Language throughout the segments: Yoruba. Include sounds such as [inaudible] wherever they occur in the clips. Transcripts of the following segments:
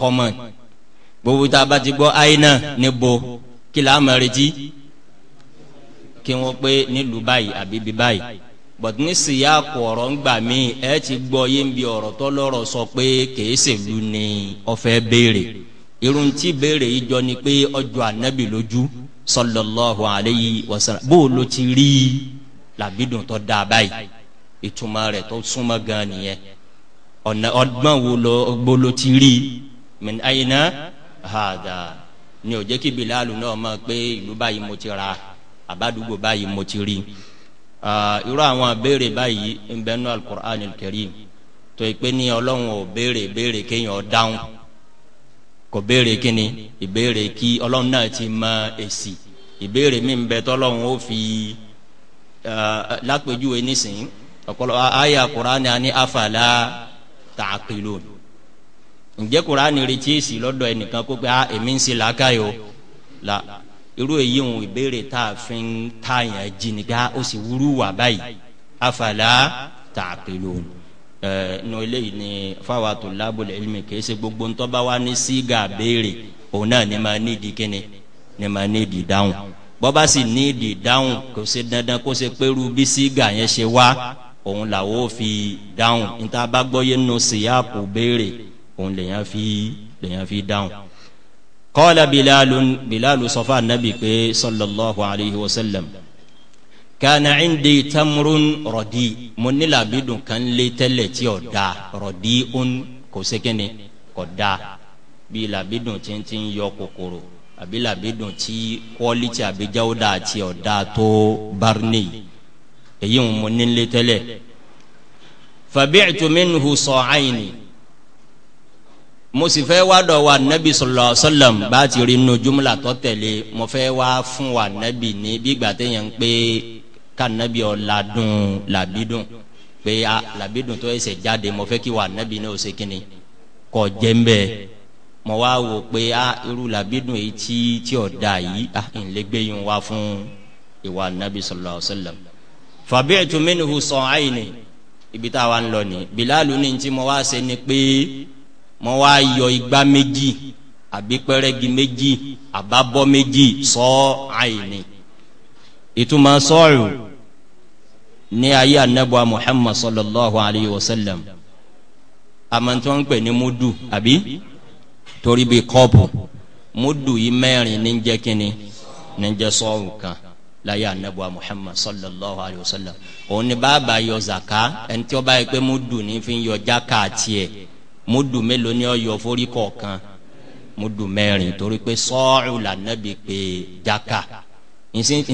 common gbogbo tá a bá ti gbọ́ àyínà níbo kí là á mọ̀ retí kí wọ́n pé nílùú báyìí àbí bí báyìí but ní síyá kọ̀ ọ̀rọ̀ ń gbà mí ẹ ti gbọ́ yé ń bi ọ̀rọ̀ tó lọ́rọ̀ sọ pé kìí ṣèlú ni ọ̀fẹ́ béèrè irun tí béèrè yìí jọ ni pé ọjọ́ ànábì lójú sallallahu alayhi wa sallam bó o lo ti rí i làbídùn tó dáa báyìí ìtumọ̀ rẹ̀ tó súnmọ́ gan nìyẹn ọ̀nà ọgbọ́n wo lo gbolo ti rí i min ayina hada ni o jẹ́ kí bilalu náà mọ̀ pé ìlú báyìí mo ti ra àbádùgbò báyìí mo ti rí irú àwọn béèrè báyìí ń bẹ nínú alukur'an karim tó yẹ pé ní ọlọ́run ò béèrè béèrè kéèyàn dáhùn kò béèrè kíni ìbéèrè kí ọlọ́run náà ti mọ èsì ìbéèrè mi ń bẹ tọ́lọ́run ó fi lápèjúwe nísìnyí ọ̀pọ̀lọpọ̀ àyà kur'an ni afala ta'qilun ǹjẹ́ kuraani retí èsì lọ́dọ̀ ẹnìkan kó pé a ah, èmi ń ṣe làákàyò la irú èyí ń ìbéèrè tá a fi ń tààyàn jìnnìkà ah, ó sì wúrú wà báyìí afala taqilun ẹ nù eléyìí ni fáwa tulabul ilmi kìí ṣe gbogbo ń tọ́ba wa ní sígà béèrè òun náà ni máa ní ìdí kíni ni máa ní ìdí dáhùn bọ́ba sì ní ìdí dáhùn kò ṣe dandan kó ṣe pẹ́rú bí sígà yẹn ṣe wá òun làwọn ò fi dáhùn níta bá gbọ́ yé nù síyàkù béèrè òun lèyàn fi lèyàn fi dáhùn. kọ́lá bilalu bilalu sọfà nabi pé sallallahu alayhi wa sallam kana indi tamrun rọdi mo ní làbídùn kan lé tẹ́lẹ̀ tí ò da rọdi un kò sékéne kò da bí làbídùn tí ń ti yọ kòkòrò àbí làbídùn tí kọ́lítì àbí jáwódà àti ọ̀dà tó barney èyí mo nílé tẹ́lẹ̀ fabi'tu minhu sa'aini mo sì fẹ́ wa nẹ́bí sallallahu alaihi wasallam bá ti rí inú jumla tó tẹ̀lé mo fẹ́ wá fún wa nẹ́bí ní bí gbà téèyàn ń pé ká nẹ́bí ọ̀ ladùn làbídùn pé a làbídùn tó ẹsẹ̀ jáde mo fẹ́ kí wa nẹ́bí ní oṣù kínní kọ̀ jẹ́ ń bẹ́ẹ̀ mo wá wò a irú làbídùn èyí tí tí ọ̀ dà yìí a ń lè gbé yín wá fún ìwà nẹ́bí sallallahu alaihi wasallam fabi'tu minhu sa'ayni ibi táwa ń lọ ni Bilalu ní ti mo wá ṣe ni pé mo wá yọ igbá méjì àbí pẹrẹgì méjì àbábọ méjì sọ àìní ìtumọ̀ sọ́ọ̀rù ní ayé anabuwa muhammad sallallahu alayhi wa sallam amantọ́ ń pè ní mudu àbí torí bíi kọ́ọ̀pù mudu yìí mẹ́rin ni, jẹ́ kínní ní jẹ́ sọ́ọ̀rù kan láyé anabuwa muhammad sallallahu alayhi wa sallam òun ni bàbá yọ zaka ẹni tí ó bá mudu ni fi yọ jákàá tiẹ̀ mudu mélòó ni ọyọ forí kọ̀ọ̀kan mudu mẹ́rin torí pé sọ́ọ̀rù lànàbí pé jaka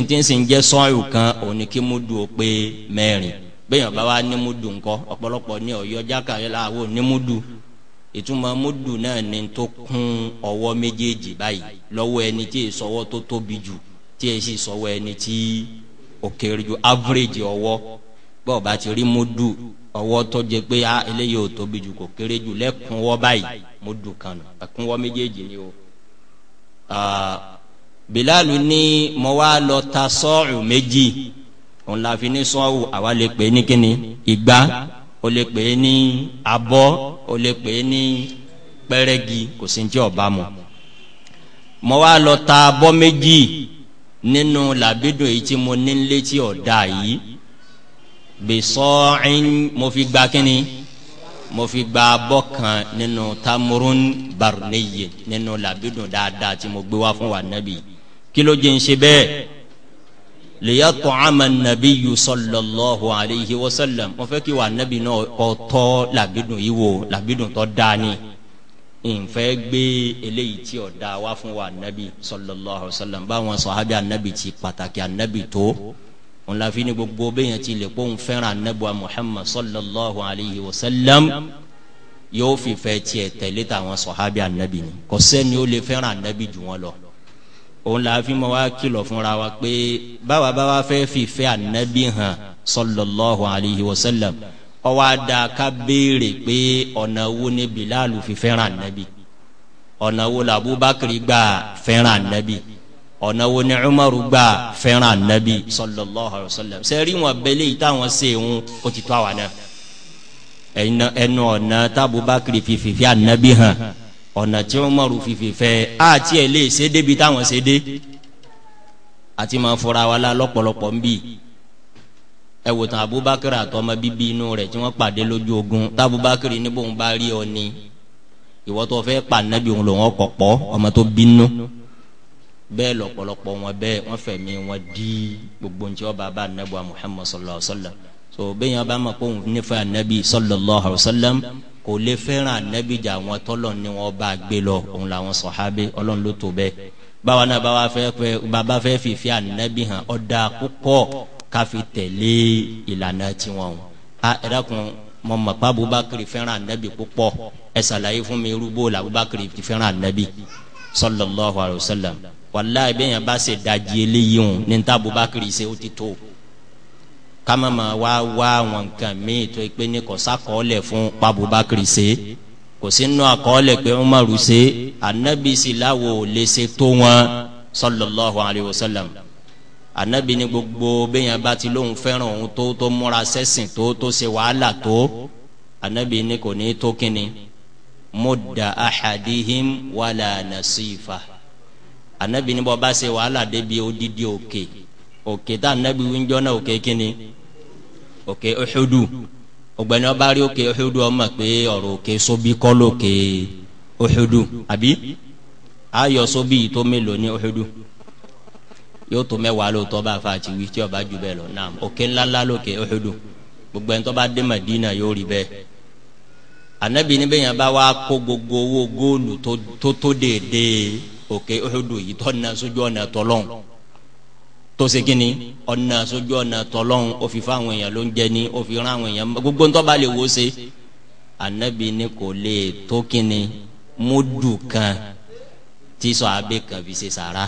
ntínsìn jẹ́ sọ́ọ̀rù kan òní kí mudu ó pé mẹ́rin bẹ́ẹ̀ bá wa ní mudu ńkọ́ ọ̀pọ̀lọpọ̀ ní ọ̀yọ́ jaka yẹn la wò ní mudu ìtumọ̀ mudu náà ni tó kún ọwọ́ méjèèjì báyìí lọ́wọ́ ẹni tí ì sọ́wọ́ tó tóbi jù tí ì sì sọ́wọ́ ẹni tí ó kéré jù average ọwọ́ bọ́ọ̀ bá ti rí mudu ọwọ́ tó jẹ pé a ah, eléyìí ò tóbi jù kò kéré jù lẹ́kùnwọ́ báyìí mo dùn kan nù ẹ̀kúnwọ́ méjèèjì ni o. Ah, Bilalu ní mo wá lọ ta sọ́ọ̀rù méjì òun la fi ní sọ́ọ̀rù àwa lè pè é ní kíni ìgbà o lè pè é ní abọ́ o lè pè é ní pẹ́rẹ́gì kò sí ní ọba mu. mo wá lọ ta abọ́ méjì nínú làbídùn èyí tí mo ní létí ọ̀dà yìí bisọ́ọ̀in mo fi gba kínní mo fi gba abọ́ kan nínú tamurun baruniye nínú labidun dáadáa tí mo gbé wá fún wa nabi kí ló jẹ́ n ṣe bẹ́ẹ̀ lèyàtọ̀ àmà nàbí yu sọlọ́lọ́hu aleyhi wa sallam mo fẹ́ kí wa nabi náà kọ́ tọ́ labidun yìí wò labidun tó dání nfẹ́ gbé eléyìí tí ó dá wá fún wa nabi sọlọ́lọ́hu sallam báwọn sọ̀hábí anabi ti pàtàkì anabi tó òun la fi ni gbogbo bẹ́yẹn ti lè kóun fẹ́ràn anabuwa muhammad sallallahu alayhi wa sallam yóò fi fẹ́ tiẹ̀ tẹ̀lé tàwọn sọ̀hábì anabi ni kò sẹ́ni ó lè fẹ́ràn anabi jù wọ́n lọ òun la fi ma wá kìlọ̀ fúnra wa pé báwa báwa fẹ́ fi fẹ́ anabi hàn sallallahu alayhi wa sallam ọwọ́ ada ká béèrè pé ọ̀nà wo ni bilalu fi fẹ́ràn anabi ọ̀nà wo la abubakar gbà fẹ́ràn anabi ọ̀nà wo ni umaru gbà fẹ́ràn anabi sallallahu alayhi wa sallam sẹ́rí wọn bẹ́lẹ̀ yìí táwọn ṣe ń o ti tó àwa náà ẹnu ọ̀nà tábùbákiri fìfìfì anabi hàn ọ̀nà tí umaru fìfìfẹ́ àti ẹ̀ lè ṣe débi táwọn ṣe dé àti máa fọra wa la lọ́pọ̀lọpọ̀ ń bì ẹ wò tán abubakar àtọmọ bíbí inú rẹ̀ tí wọ́n pàdé lójú ogun tábùbákir ní bóun bá rí ọ ni ìwọ fẹ́ pa anabi òun lòun ọkọ̀ pọ̀ ọmọ tó bínú. No bẹ́ẹ̀ lọ́pọ̀lọpọ̀ wọn bẹ́ẹ̀ wọ́n fẹ̀mí wọn di gbogbo ntí ọba bá anabi muhammad sallallahu alaihi wa sallam so bẹ́ẹ̀ yẹn bá ma kó nífẹ̀ẹ́ anabi sallallahu alaihi wa sallam kò lè fẹ́ràn anabi jà wọn tọ́lọ̀ ni wọn bá gbé lọ òun làwọn sọ̀hábé ọlọ́run ló tó bẹ́ẹ̀ báwa náà bá wa fẹ́ bàbá fẹ́ fìfẹ́ anabi hàn ọ̀dà púpọ̀ káfi tẹ̀lé ìlànà tiwọn o a ẹ̀dá kun mọ mọ pa abubakar fẹ́ràn anabi púpọ̀ ẹ fún mi irú la abubakar fẹ́ràn anabi sallallahu alaihi wa sallam wàláì bẹ́yẹn bá ṣe dajì eléyìí hùn ní ta Abubakar ṣe ó ti tó kama ma wá wá àwọn nǹkan míì tó pé ní kò sákọọ́lẹ̀ fún pa Abubakar ṣe kò sí nínú àkọọ́lẹ̀ pé Umaru ṣe anabi sì láwo lè ṣe tó wọn sallallahu alayhi wa sallam anabi ní gbogbo bẹ́yẹn bá ti lóun fẹ́ràn òun tó tó múra sẹ́sìn tó tó ṣe wàhálà tó anabi ní kò ní tó kínni mudda ahadihim wala nasifa anabi ni bọ́ bá ṣe wàhálà débi odidi òkè òkè tá anabi wíjọ́ náà òkè kínní òkè Uhudu ọ̀gbẹ́ni ọba rí òkè Uhudu ọmọ pé ọ̀rọ̀ òkè sobi kọ́ lókè Uhudu àbí ayọ̀ sobi tó mélòó ní Uhudu yóò tó mẹ́wàá lóòótọ́ bá fa àti wí tí ọba jù bẹ́ẹ̀ lọ naam òkè ńláńlá lókè Uhudu gbogbo ẹni tó bá dé Madina yóò rí bẹ́ẹ̀ anabi ni bẹ́ẹ̀ yẹn bá wá kó gbogbo owó góòlù tó tó déédéé òkè òhudu yìí tọ́ na sójú ọ̀nà tọ́lọ́n tó ṣe kínní ọ̀nà sójú ọ̀nà tọ́lọ́n ó fi fáwọn èèyàn ló ń jẹ gbogbo ń tọ́ba wo ṣe anabi ni kò lè tó kínní múdù kan tí sọ abẹ́ kan fi ṣe sàrà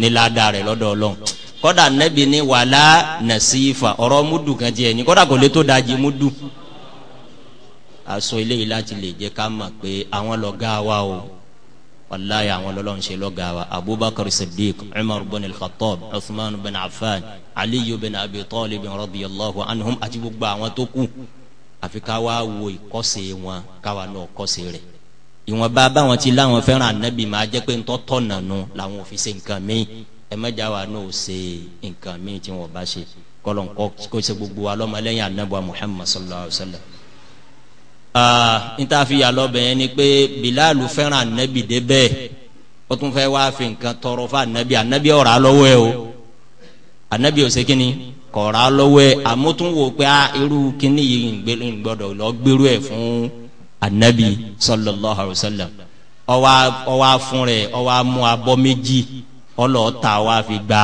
ní ládàá rẹ̀ lọ́dọ̀ ọlọ́run kọ́dà anabi ni wàlá nàṣìfà ọ̀rọ̀ múdù kan tiẹ̀ ní kọ́dà kò lè tó dajì múdù aṣọ eléyìí láti lè jẹ́ ká mọ̀ pé àwọn lọ́gá wa o wàláyé àwọn lọ́lọ́run ṣe lọ́gà wa abubakar siddiq umar bin al-khattab usman bin affan aliyu bin abi talib bin radiyallahu anhum àti gbogbo àwọn tó kù àfi ká wá wo ìkọ́sẹ̀ wọn káwa náà kọ́sẹ̀ rẹ̀ ìwọ̀n bá báwọn ti láwọn fẹ́ràn anabi máa jẹ́ pé ńtọ́ tọ̀nà nu làwọn ò fi ṣe nǹkan míì ẹ mẹ́jà wa náà ò ṣe nǹkan míì tí wọ́n bá ṣe kọ́lọ́n kó ṣe gbogbo wa anabi wa muhammad sallallahu alayhi wa sallam. nítafíyà lọ́bẹ̀ yẹn ni pé bilalu fẹ́ràn anabi dé bẹ́ẹ̀ ó tún fẹ́ wá fi nǹkan tọrọ fún anabi anabi ọ̀rá lọ́wọ́ ẹ o anabi ọ̀sẹ̀ kínní kọ̀ọ̀rá lọ́wọ́ pé a ah, irú kínní yìí lọ gbèrú ẹ fún anabi sallallahu alayhi wa sallam ọwọ́ ọwọ́ fún ọwọ́ mú abọ́ méjì ọlọ́ọ̀ta fi gba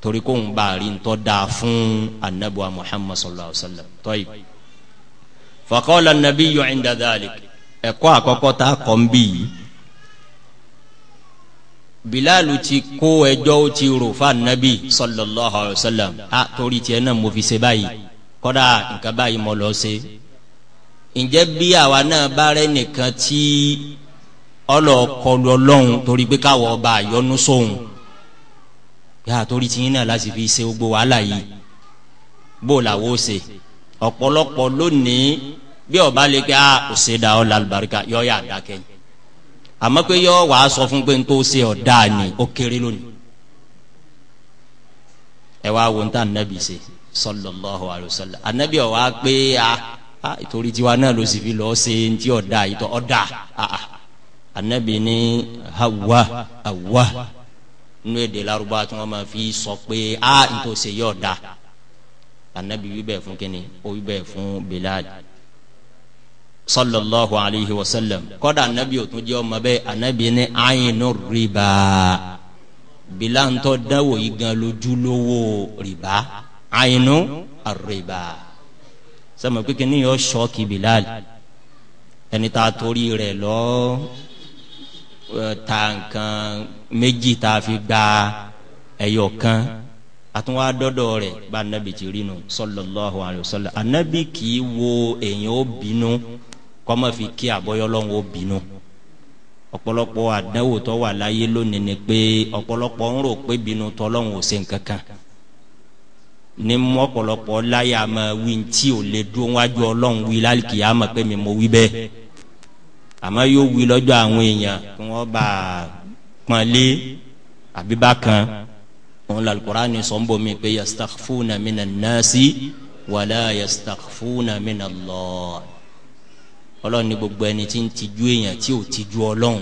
torí kóun bá a rí ntọ́ dáa fún anabuwa muhammad sallallahu alaihi wa sallam tọ́yì. faqala an-nabiyyu inda dhalik ẹ̀kọ́ àkọ́kọ́ tá a kọ́ ń bí yìí. bilalu ti kó ẹjọ́ ó ti rò fún anabi sallallahu alaihi wa sallam a torí tiẹ̀ náà mo fi ṣe báyìí kọ́dà nǹkan báyìí mo lọ ṣe. ǹjẹ́ bí àwa náà bá rẹ nìkan tí ọlọ́ọ̀kọlù ọlọ́run torí pé káwọ́ ọba àyọnú sóhun. So pé àtòrí tí yín náà láti fi ṣe gbogbo wàhálà yìí bó làwọ́ ṣe ọ̀pọ̀lọpọ̀ lónìí bí ọba lè pé a ò ṣe da ọ lálùbáríkà yọ yà dákẹ́ àmọ́ pé yọ wàá sọ fún pé n tó ọ̀dà ni ó kéré lónìí ẹ wá wo ní nàbì ṣe sallallahu alaihi wasallam anabi ọ wá pé a ah, a ah, ìtòrí tiwa náà ló sì fi lọ ṣe ntí ọ̀dà yìí tọ́ ọ̀dà a ah, a anabi ni hawa awa. awa nínú èdè Lárúbá tí wọ́n máa fi sọ pé a ntòsí yóò da anabi wíbẹ̀ fún kínní ó wíbẹ̀ fún Bilal sallallahu alayhi wa sallam kódà anabi ò tún jẹ́ ọmọ bẹ́ẹ̀ anabi ní àyínú rìbá Bilal ntọ́ dáwọ̀ yìí gan lójúlówó rìbá àyínú rìbá sọ ma pé kínní yóò ṣọ́ọ̀kì Bilal ẹni tá a torí rẹ̀ lọ́ọ́. ta nǹkan méjì fi gba ẹyọ kan àtúnwá dọ́dọ̀ bá anabi ti rí nu alayhi wa anabi kì í wo èèyàn ó bínú kọ́mọ fi kí àbọ̀yọ́lọ́hún ó bínú ọ̀pọ̀lọpọ̀ àdánwò tó wà láyé lónìí ni pé ọ̀pọ̀lọpọ̀ ń rò pé bínú ò nǹkan kan ní mú ọ̀pọ̀lọpọ̀ wí ò lè dúró wájú ọlọ́hún àmọ́ yóò wí lọ́jọ́ àwọn èèyàn kí wọ́n bá pọ́n lé àbí bákan wọn lọ alukur'an sọ ń bọ mi pé yastaghfuna mina nasi wala yastaghfuna mina Allah ọlọ́run ní gbogbo ẹni tí ń tijú èèyàn tí ò tijú ọlọ́run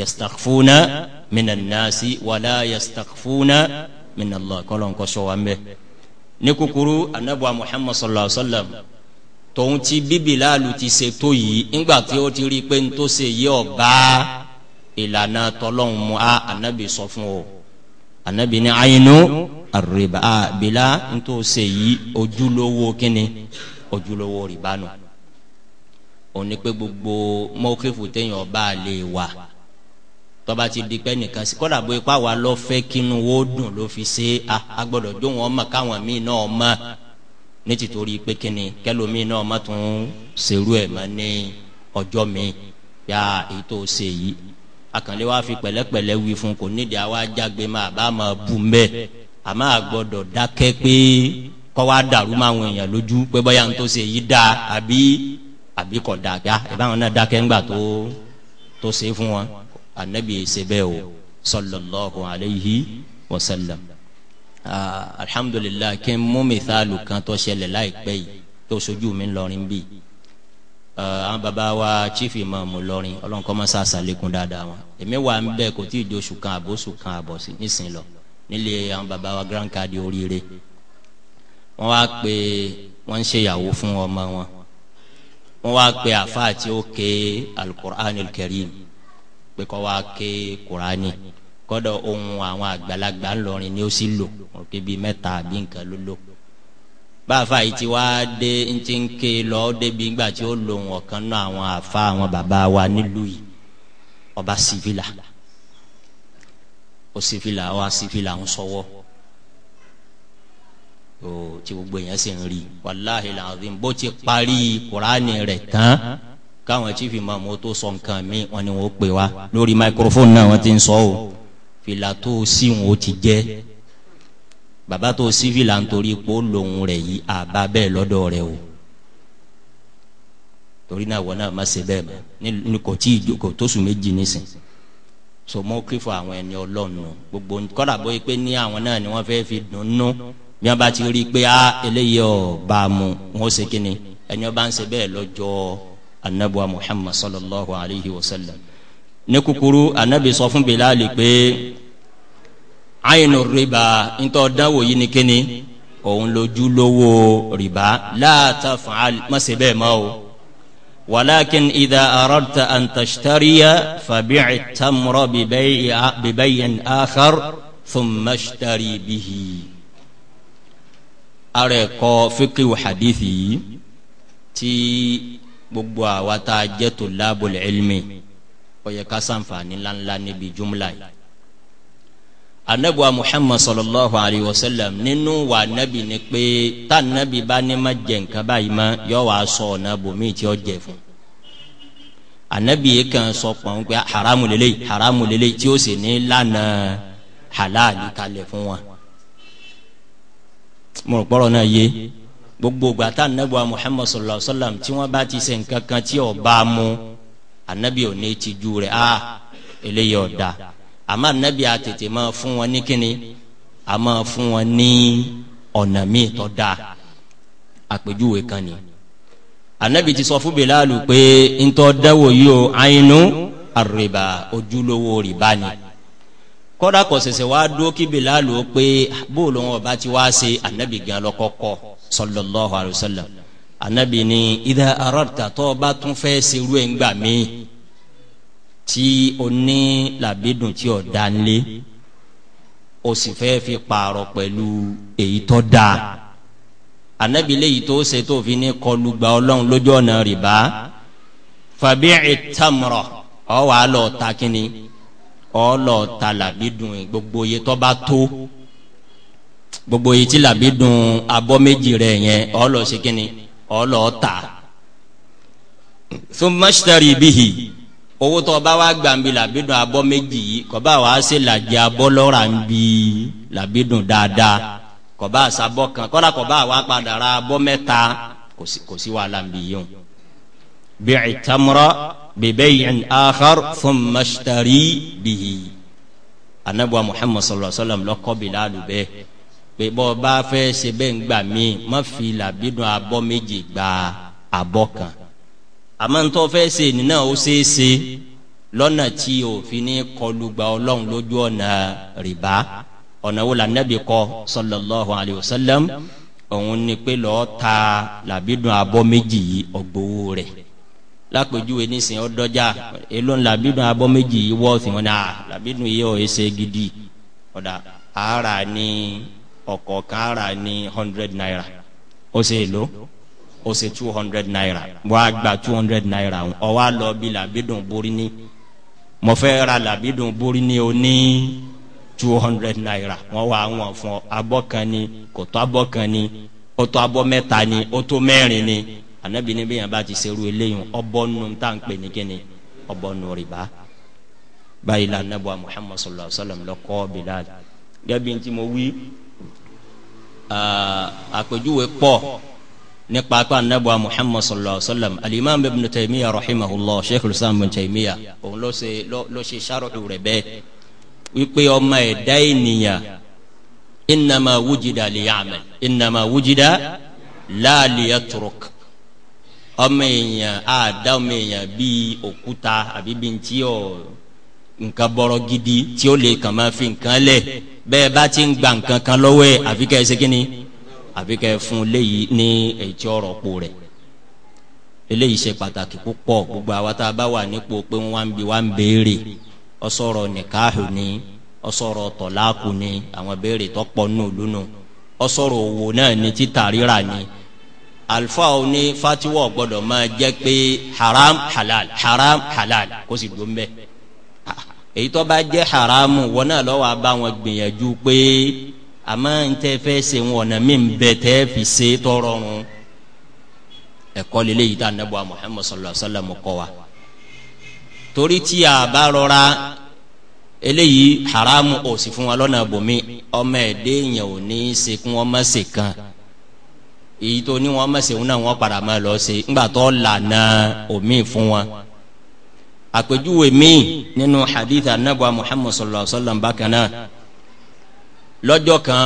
yastaghfuna mina nasi wala yastaghfuna mina Allah kọ́lọ́n kọ́ sọ wa ń bẹ ní kúkúrú anabuwa muhammad sallallahu alaihi wa sallam. tòun ti Bíbílálù ti ṣe tó yìí ńgbà tí ó ti rí pé ń tó ṣe ọba ìlànà tọlọ́hún mu a ànábì sọ fún o ànábì ní àyínú a bìlá ń tó ṣe gbogbo téèyàn ọba lè wà ti di nìkan sí kọ́dà a gbọ́dọ̀ wọn mọ̀ káwọn míì náà ní tìtorí pé kíni kẹlòmíì náà má tún ṣerú ẹ̀ mọ́ ní ọjọ́ mi yá èyí tó ṣe yìí akànlé wa fi pẹ̀lẹ́pẹ̀lẹ́ wí fún kò nídìí àwa jágbe máa bá máa bù mbẹ́ àmọ́ àgbọ̀dọ̀ dákẹ́ pé kọ́ wa dàrú máa wọn èèyàn lójú pé bọ́yá ń tó ṣe yìí dáa àbí àbí kọ̀ dàgá ìbáwọn náà dákẹ́ ńgbà tó tó ṣe fún wọn anabi ṣe bẹ́ẹ̀ o sallallahu alayhi wa sallam. Ah, alhamdulilayi kí n mú mithalu kan tó ṣẹlẹ̀ láìpẹ́ yìí tó sojú mi lọrin bíi ah, àwọn baba wa chief imam lọrin ọlọ́nkọ́ mọ́sá sàlékún dáadáa wọn èmi wà ń bẹ́ẹ̀ kò tí ì di oṣù kan àbọ̀ oṣù kan àbọ̀ sí nísìnyí lọ nílé àwọn baba wa grand card oríire wọ́n wá pé wọ́n ń ṣèyàwó fún ọmọ wọn wọ́n wá pé àfáà tí ó ké alukur'an karim pé kọ́ wá ké kur'ani kọ́dọ̀ ohun àwọn àgbàlagbà ńlọrin ni ó sì lò òkè bíi mẹ́ta àbí nǹkan ló lò báàfà yìí ti wá dé ti ń ké lọ ó débi ìgbà tí ó lo ohun ọ̀kan náà àwọn àfa àwọn bàbá wa nílùú yìí ọba sífìlà ó sífìlà ó wá sífìlà ń sọwọ́ ó tí gbogbo yẹn sì ń rí wàláhì làwọn bó ti parí kuraani rẹ̀ tán káwọn chiefi mọ̀ mọ́ tó sọ nǹkan mi wọn ni wọ́n pè wá lórí microphone náà wọ́n ti ń sọ ọ́ fìlà tó o sí wọn ó ti jẹ́ bàbá tó o sí fìlà nítorí pé ó lòun rẹ̀ yìí àbá bẹ́ẹ̀ lọ́dọ̀ rẹ̀ o torí náà wọn náà má ṣe bẹ́ẹ̀ mọ́ ní kò tí kò tó sùn méjì nísìn so mo kí fún àwọn ẹni ọlọ́run gbogbo kọ́dà bóyá pé ní àwọn náà ni wọ́n fẹ́ fi dùnnú bí wọ́n bá ti rí i pé a eléyìí ọ̀ bá a mu wọ́n ṣe kí ni ẹni wọ́n bá ń ṣe bẹ́ẹ̀ lọ́jọ́ anabuwa Muhammad sallallahu alayhi wa sallam ní kúkúrú anabi sọ fún bilali pé àyìnú rìbá ntọ́ dánwò yìí ni kíni òun lójú lówó rìbá láàtà fàál má ṣe bẹ́ẹ̀ mọ́ o walakin idà aradta an tashtariya fabi'i tamra bibayin akhar bihi. ara ẹ̀kọ́ fikiru hadithi yìí gbogbo àwa tá a jẹ́ tó ó yẹ ká ṣàǹfààní ńláńlá níbi jumla yìí anabuwa muhammad sallallahu alayhi wa sallam nínú wa nabi ni pé tá nabi bá ní ma jẹ nǹkan báyìí ma yọ wàá sọ ọ̀nà bòmíì tí ó jẹ fún anabi yìí kan sọ pọ̀n pé haramu lele haramu lele tí ó sì ní lànà halali kalẹ̀ fún wa mo gbọ́dọ̀ náà gbogbo gbàtà anabuwa muhammad sallallahu alayhi wa sallam tí wọ́n bá ti ṣe nǹkan kan tí ó mu anabi ò ní tijú rẹ̀ ah, a eléyìí ọ̀dà àmọ́ anabi àtètè máa fún wọn ní kíni a máa fún wọn ní ọ̀nà míì tó dáa àpèjúwe kan ni anabi ti sọ fún Bilalu pé ntọ́ dáwọ̀ yìí o àyínú àrèbà ojúlówó rìbá ni kọ́dà kò ṣẹ̀ṣẹ̀ wá dúró kí Bilalu pé bóòlù wọn ọba ti wá ṣe anabi gan lọ́kọ́kọ́ sallallahu alaihi wasallam anabi ni idà arọ́ta tó bá tún fẹ́ serú ẹ̀ ń gbà mí tí o ní làbídùn tí o dá lé o sì fẹ́ fi pààrọ̀ pẹ̀lú èyí tó dáa anabi léyìí tó ṣe tó fi ní kọlu gba ọlọ́run lójú ọ̀nà rìbá fàbíì tamra ọ wàá lọ ta kínní ọ lọ ta làbídùn gbogbo iye tó bá tó gbogbo iye tí làbídùn abọ́ méjì rẹ̀ yẹn ọ lọ ṣe kínní ọlọ́ọ̀ta thumma ishtari bihi owó tó bá wá gbàǹbi làbídùn abọ́ méjì yìí kọ́ba wá sí làjì abọ́ lọ́ra ń bi làbídùn dáadáa kọ́ba àsabọ́ kan kọ́dà kọ́ba wá padà ra abọ́ mẹ́ta kò sí wàhálà ń bi yìí o bi'i tamra bi bay'in akhar thumma ishtari bihi anabuwa muhammadu sallallahu alaihi wa sallam lọ́kọ́ bilaalu bẹ́ẹ̀ pé bọ́ bá fẹ́ ṣe bẹ́ẹ̀ ń gbà mí má fi làbídùn abọ́ méjì gba abọ́ kan àmọ́ ń tọ́ fẹ́ ṣe nínú ó ṣeé ṣe lọ́nà tí òfin ní kọlu gba ọlọ́run lójú ọ̀nà rìbá ọ̀nà wo la nẹ́bi kọ sallallahu alayhi wa sallam òun ni pé lọ́ọ́ ta làbídùn abọ́ méjì yìí ọgbowó rẹ̀ lápèjúwe nísìnyí ọdọjà èló ń abọ́ méjì yìí wọ́ọ̀sì wọn náà ah, làbídùn yìí ọ̀ ẹ́ ṣe gidi ọ̀dà ara ni ọkọ̀ kára ní hundred naira ó ṣe èlò ó ṣe two hundred naira wọ́n á gba two hundred naira ó wá lọ bí làbídùn borí ní mo fẹ́ ra làbídùn borí ní o ní two hundred naira wọ́n wá wọn fún ọ abọ́ kan ni kò tó abọ́ kan ni ó tó abọ́ mẹ́ta ni ó tó mẹ́rin ni ànábi ní bẹ́ẹ̀ yẹn bá ti ṣerú eléyìí ọbọ̀ nù tá à pè ní kíni ọbọ̀ nù rìbá báyìí la anabu muhammadu sallallahu alaihi wa sallam lọ kọ́ bilal gẹ́gẹ́ bí n ti mo wí àpèjúwe pọ̀ nípa apá anabuwa muhammad sallallahu alaihi wa sallam alimami ibn taymiya rahimahullah sheikh al-islam ibn taymiya òun ló ṣe ló ṣe sáròhù rẹ̀ bẹ́ẹ̀ wípé ọmọ ẹ̀dá ènìyàn innama wujida liya'mal innama wujida la liyatruk ọmọ èèyàn àdá ọmọ èèyàn bíi òkúta àbí bíi ntí ọ nǹkan bọrọ gidi tí ó lè kàn máa fi nǹkan lẹ̀ bẹ́ẹ̀ bá ti ń gba nǹkan kan lọ́wọ́ ẹ̀ àfi kẹ́ ẹ ṣe kí ni àfi kẹ́ ẹ fún léyìí ní ètí ọ̀rọ̀ po rẹ̀ eléyìí ṣe pàtàkì púpọ̀ gbogbo àwa tá a bá wà nípò pé wọ́n ń bi wá ń béèrè ọ̀sọ̀rọ̀ nìkáàhù ni ọ̀sọ̀rọ̀ tọ̀láàkù ni àwọn béèrè tó pọ̀ nù lónà ọ̀sọ̀rọ̀ òwò náà ni títà rírà ni alfa oní fatiwa gbọ́dọ̀ máa jẹ́ pé haram halal haram halal kó sì dùn bẹ́ẹ̀ èyí tó bá jẹ́ haramu wọn náà lọ́wọ́ bá wọn gbìyànjú pé àmọ́ n tẹ́ fẹ́ ṣe wọn ọ̀nà mí bẹ tẹ́ fi ṣe tọrọrun ẹ̀kọ́ yìí tá sallallahu alaihi wa sallam wa torí tí a eléyìí haramu ò sì fún wa lọ́nà bòmí ọmọ ẹ̀dẹ́ yẹn ò ní se kan èyí tó ní náà padà lọ ńgbà tó lànà àpèjúwe míì nínú hadith anabuwa muhammad sallallahu alaihi wa sallam bákan náà lọ́jọ́ kan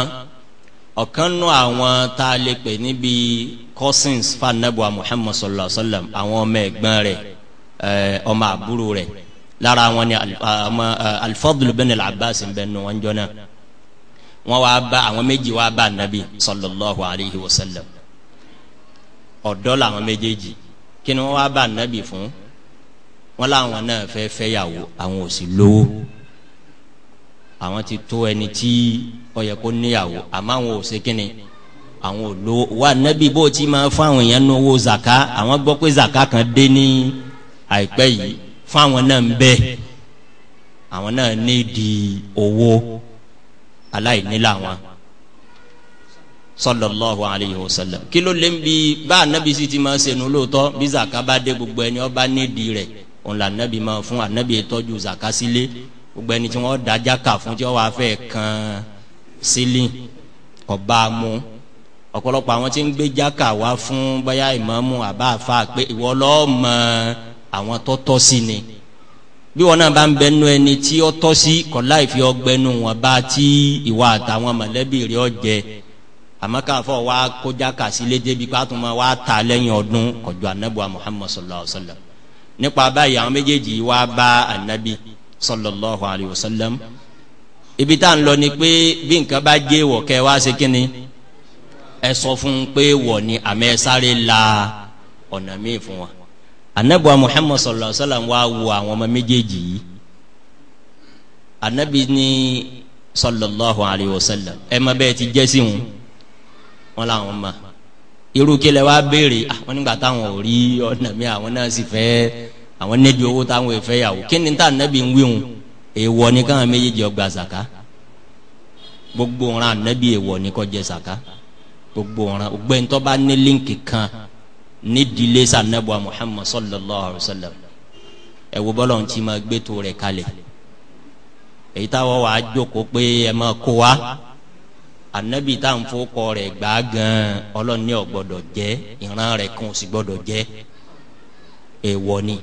ọ̀kan nù àwọn tá a lè pè níbi cousins fanabuwa muhammad sallallahu alaihi wa sallam àwọn ọmọ ẹ̀gbọ́n rẹ̀ eh, ọmọ àbúrò rẹ̀ lára wọn ni alifadulu eh, bin al-abbas ń bẹ nù wọn jọ náà wọn wá bá àwọn méjì wá bá anabi sallallahu alaihi wa sallam ọ̀dọ́ làwọn méjèèjì kí ni wọ́n wá bá anabi fún wọn làwọn náà fẹ́ fẹ́yàwó àwọn ò sì lówó àwọn ti tó ẹni tí ó yẹ kó níyàwó àmọ́ àwọn ò ṣe kínni àwọn ò lówó wa nẹ́bí bó ti máa fún àwọn èèyàn ní zaka àwọn gbọ́ pé zaka kan dé ní àìpẹ́ yìí fún àwọn náà ń bẹ àwọn náà ní di owó aláìní làwọn sallallahu alayhi wa sallam kí ló lè ń bi bá anabi sì ti máa ṣe nu bí zaka bá dé gbogbo ẹni ọba nídìí rẹ̀ òun là nẹ́bi máa fún ànẹ́bi tọ́jú zaka sílé gbogbo ẹni tí wọ́n dájá kà fún tí wọ́n wá fẹ́ kan sílé ọba mu ọ̀pọ̀lọpọ̀ àwọn tí ń gbé jáka wá fún báyà ìmáàmù àbá àfa pé ìwọ lọ́ọ́ mọ àwọn tó tọ́ ni bí wọn náà bá ń bẹnu ẹni tí ó tọ́ sí kọ́ láì ọgbẹ́nu wọn bá tí ìwà àtàwọn mọ̀lẹ́bí rẹ̀ ọ jẹ àmọ́ wa kó jáka sílé débi ma wa ta lẹ́yìn ọdún kọjú anábùa Muhammad sallallahu alaihi wa sallam nípa báyìí àwọn méjèèjì wá bá anabi sallallahu alayhi wa sallam ibi tá à ń lọ ni pé bí nǹkan bá jẹ́ wọ̀ kẹ́ wá ṣe kínni ẹ sọ fún un pé wọ̀ ni àmọ́ ẹ sáré la ọ̀nà míì fún wa anabi wa muhammad sallallahu alayhi wá wo àwọn ọmọ méjèèjì yìí anabi ni sallallahu alayhi wa sallam ẹ má bẹ́ẹ̀ ti jẹ́ sí wọn wọn làwọn máa irú kílẹ̀ wá béèrè àwọn ah, nígbà táwọn ò rí ọ̀nà mi àwọn náà sì fẹ́ àwọn nídìí owó táwọn èèfẹ́ yàwó kí ni tá ànábì ń wíhun èèwọ̀ ni káwọn méjèèjì ọgbà sàká gbogbo ran ànábì èèwọ̀ ni kó jẹ sàká gbogbo ran gbẹ̀ntọ́ bá ní líǹkì kan nídìílé sànẹ́bùà Muhammad sallallahu alayhi wa sallam ẹ wo bọ́lá ohun tí ma gbé tó rẹ̀ kalẹ̀ èyí táwọn wàá jókòó pé ẹ máa kó wa anabi tá à ń fọkọ rẹ̀ gbà gan ọlọ́run ní ọ̀gbọ́dọ̀ jẹ́ ìran rẹ̀ kan ò sì gbọ́dọ̀ jẹ́ èèwọ̀ ni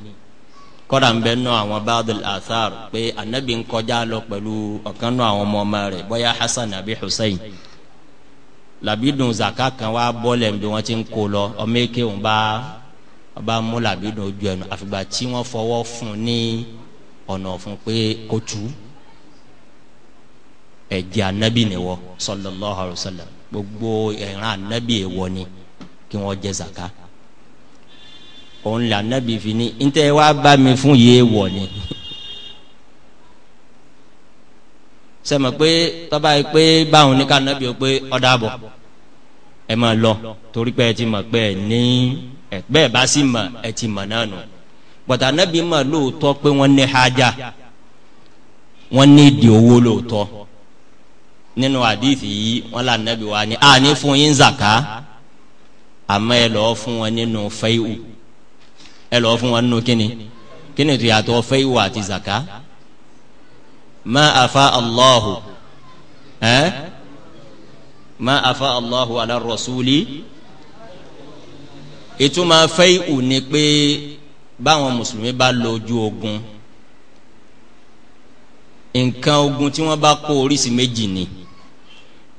kọ́dà ń bẹ àwọn badal athar pé anabi ń kọjá lọ pẹ̀lú ọ̀kan nù àwọn ọmọ ọmọ rẹ̀ bóyá hasan àbí hussein làbídùn zaka kan wá bọ́lẹ̀ bí wọ́n ti ń kó lọ ọmọ èké òun bá ọba mú làbídùn ojú ẹnu àfìgbà tí wọ́n fọwọ́ fún ní ọ̀nà fún pé kó ẹ̀jẹ̀ anabi ni wọ sallallahu alayhi wa sallam gbogbo ẹran anabi wọ ni kí wọn jẹ zaka òun là anabi fi ni ntẹ wa bá mi fún yìí wọ ni sẹmọ pé tọba yi pé báwọn ní ká anabi yìí pé ọdà bọ ẹ ma lọ torí pé ẹ ti mọ̀ pé ẹ ní ẹ bẹ́ẹ̀ bá sì mọ̀ ẹ ti mọ̀ náà nù bọ̀tà anabi mọ̀ lóòótọ́ pé wọ́n ní hájà wọ́n ní ìdí owó lóòótọ́. nínú àdìsí yìí wọn là nẹbi wa ni a ní fún yín zaka àmọ́ ẹ lọ fún wọn nínú fẹyìwù ẹ lọ fún wọn nínú kíni kíni tó yàtọ̀ fẹyìwù àti zaka ma afa allahu ẹ ma afa allahu ala rasuli ìtumọ̀ fẹyìwù ni pé báwọn mùsùlùmí bá lọ ojú ogun nǹkan ogun tí wọ́n bá kó oríṣi méjì ni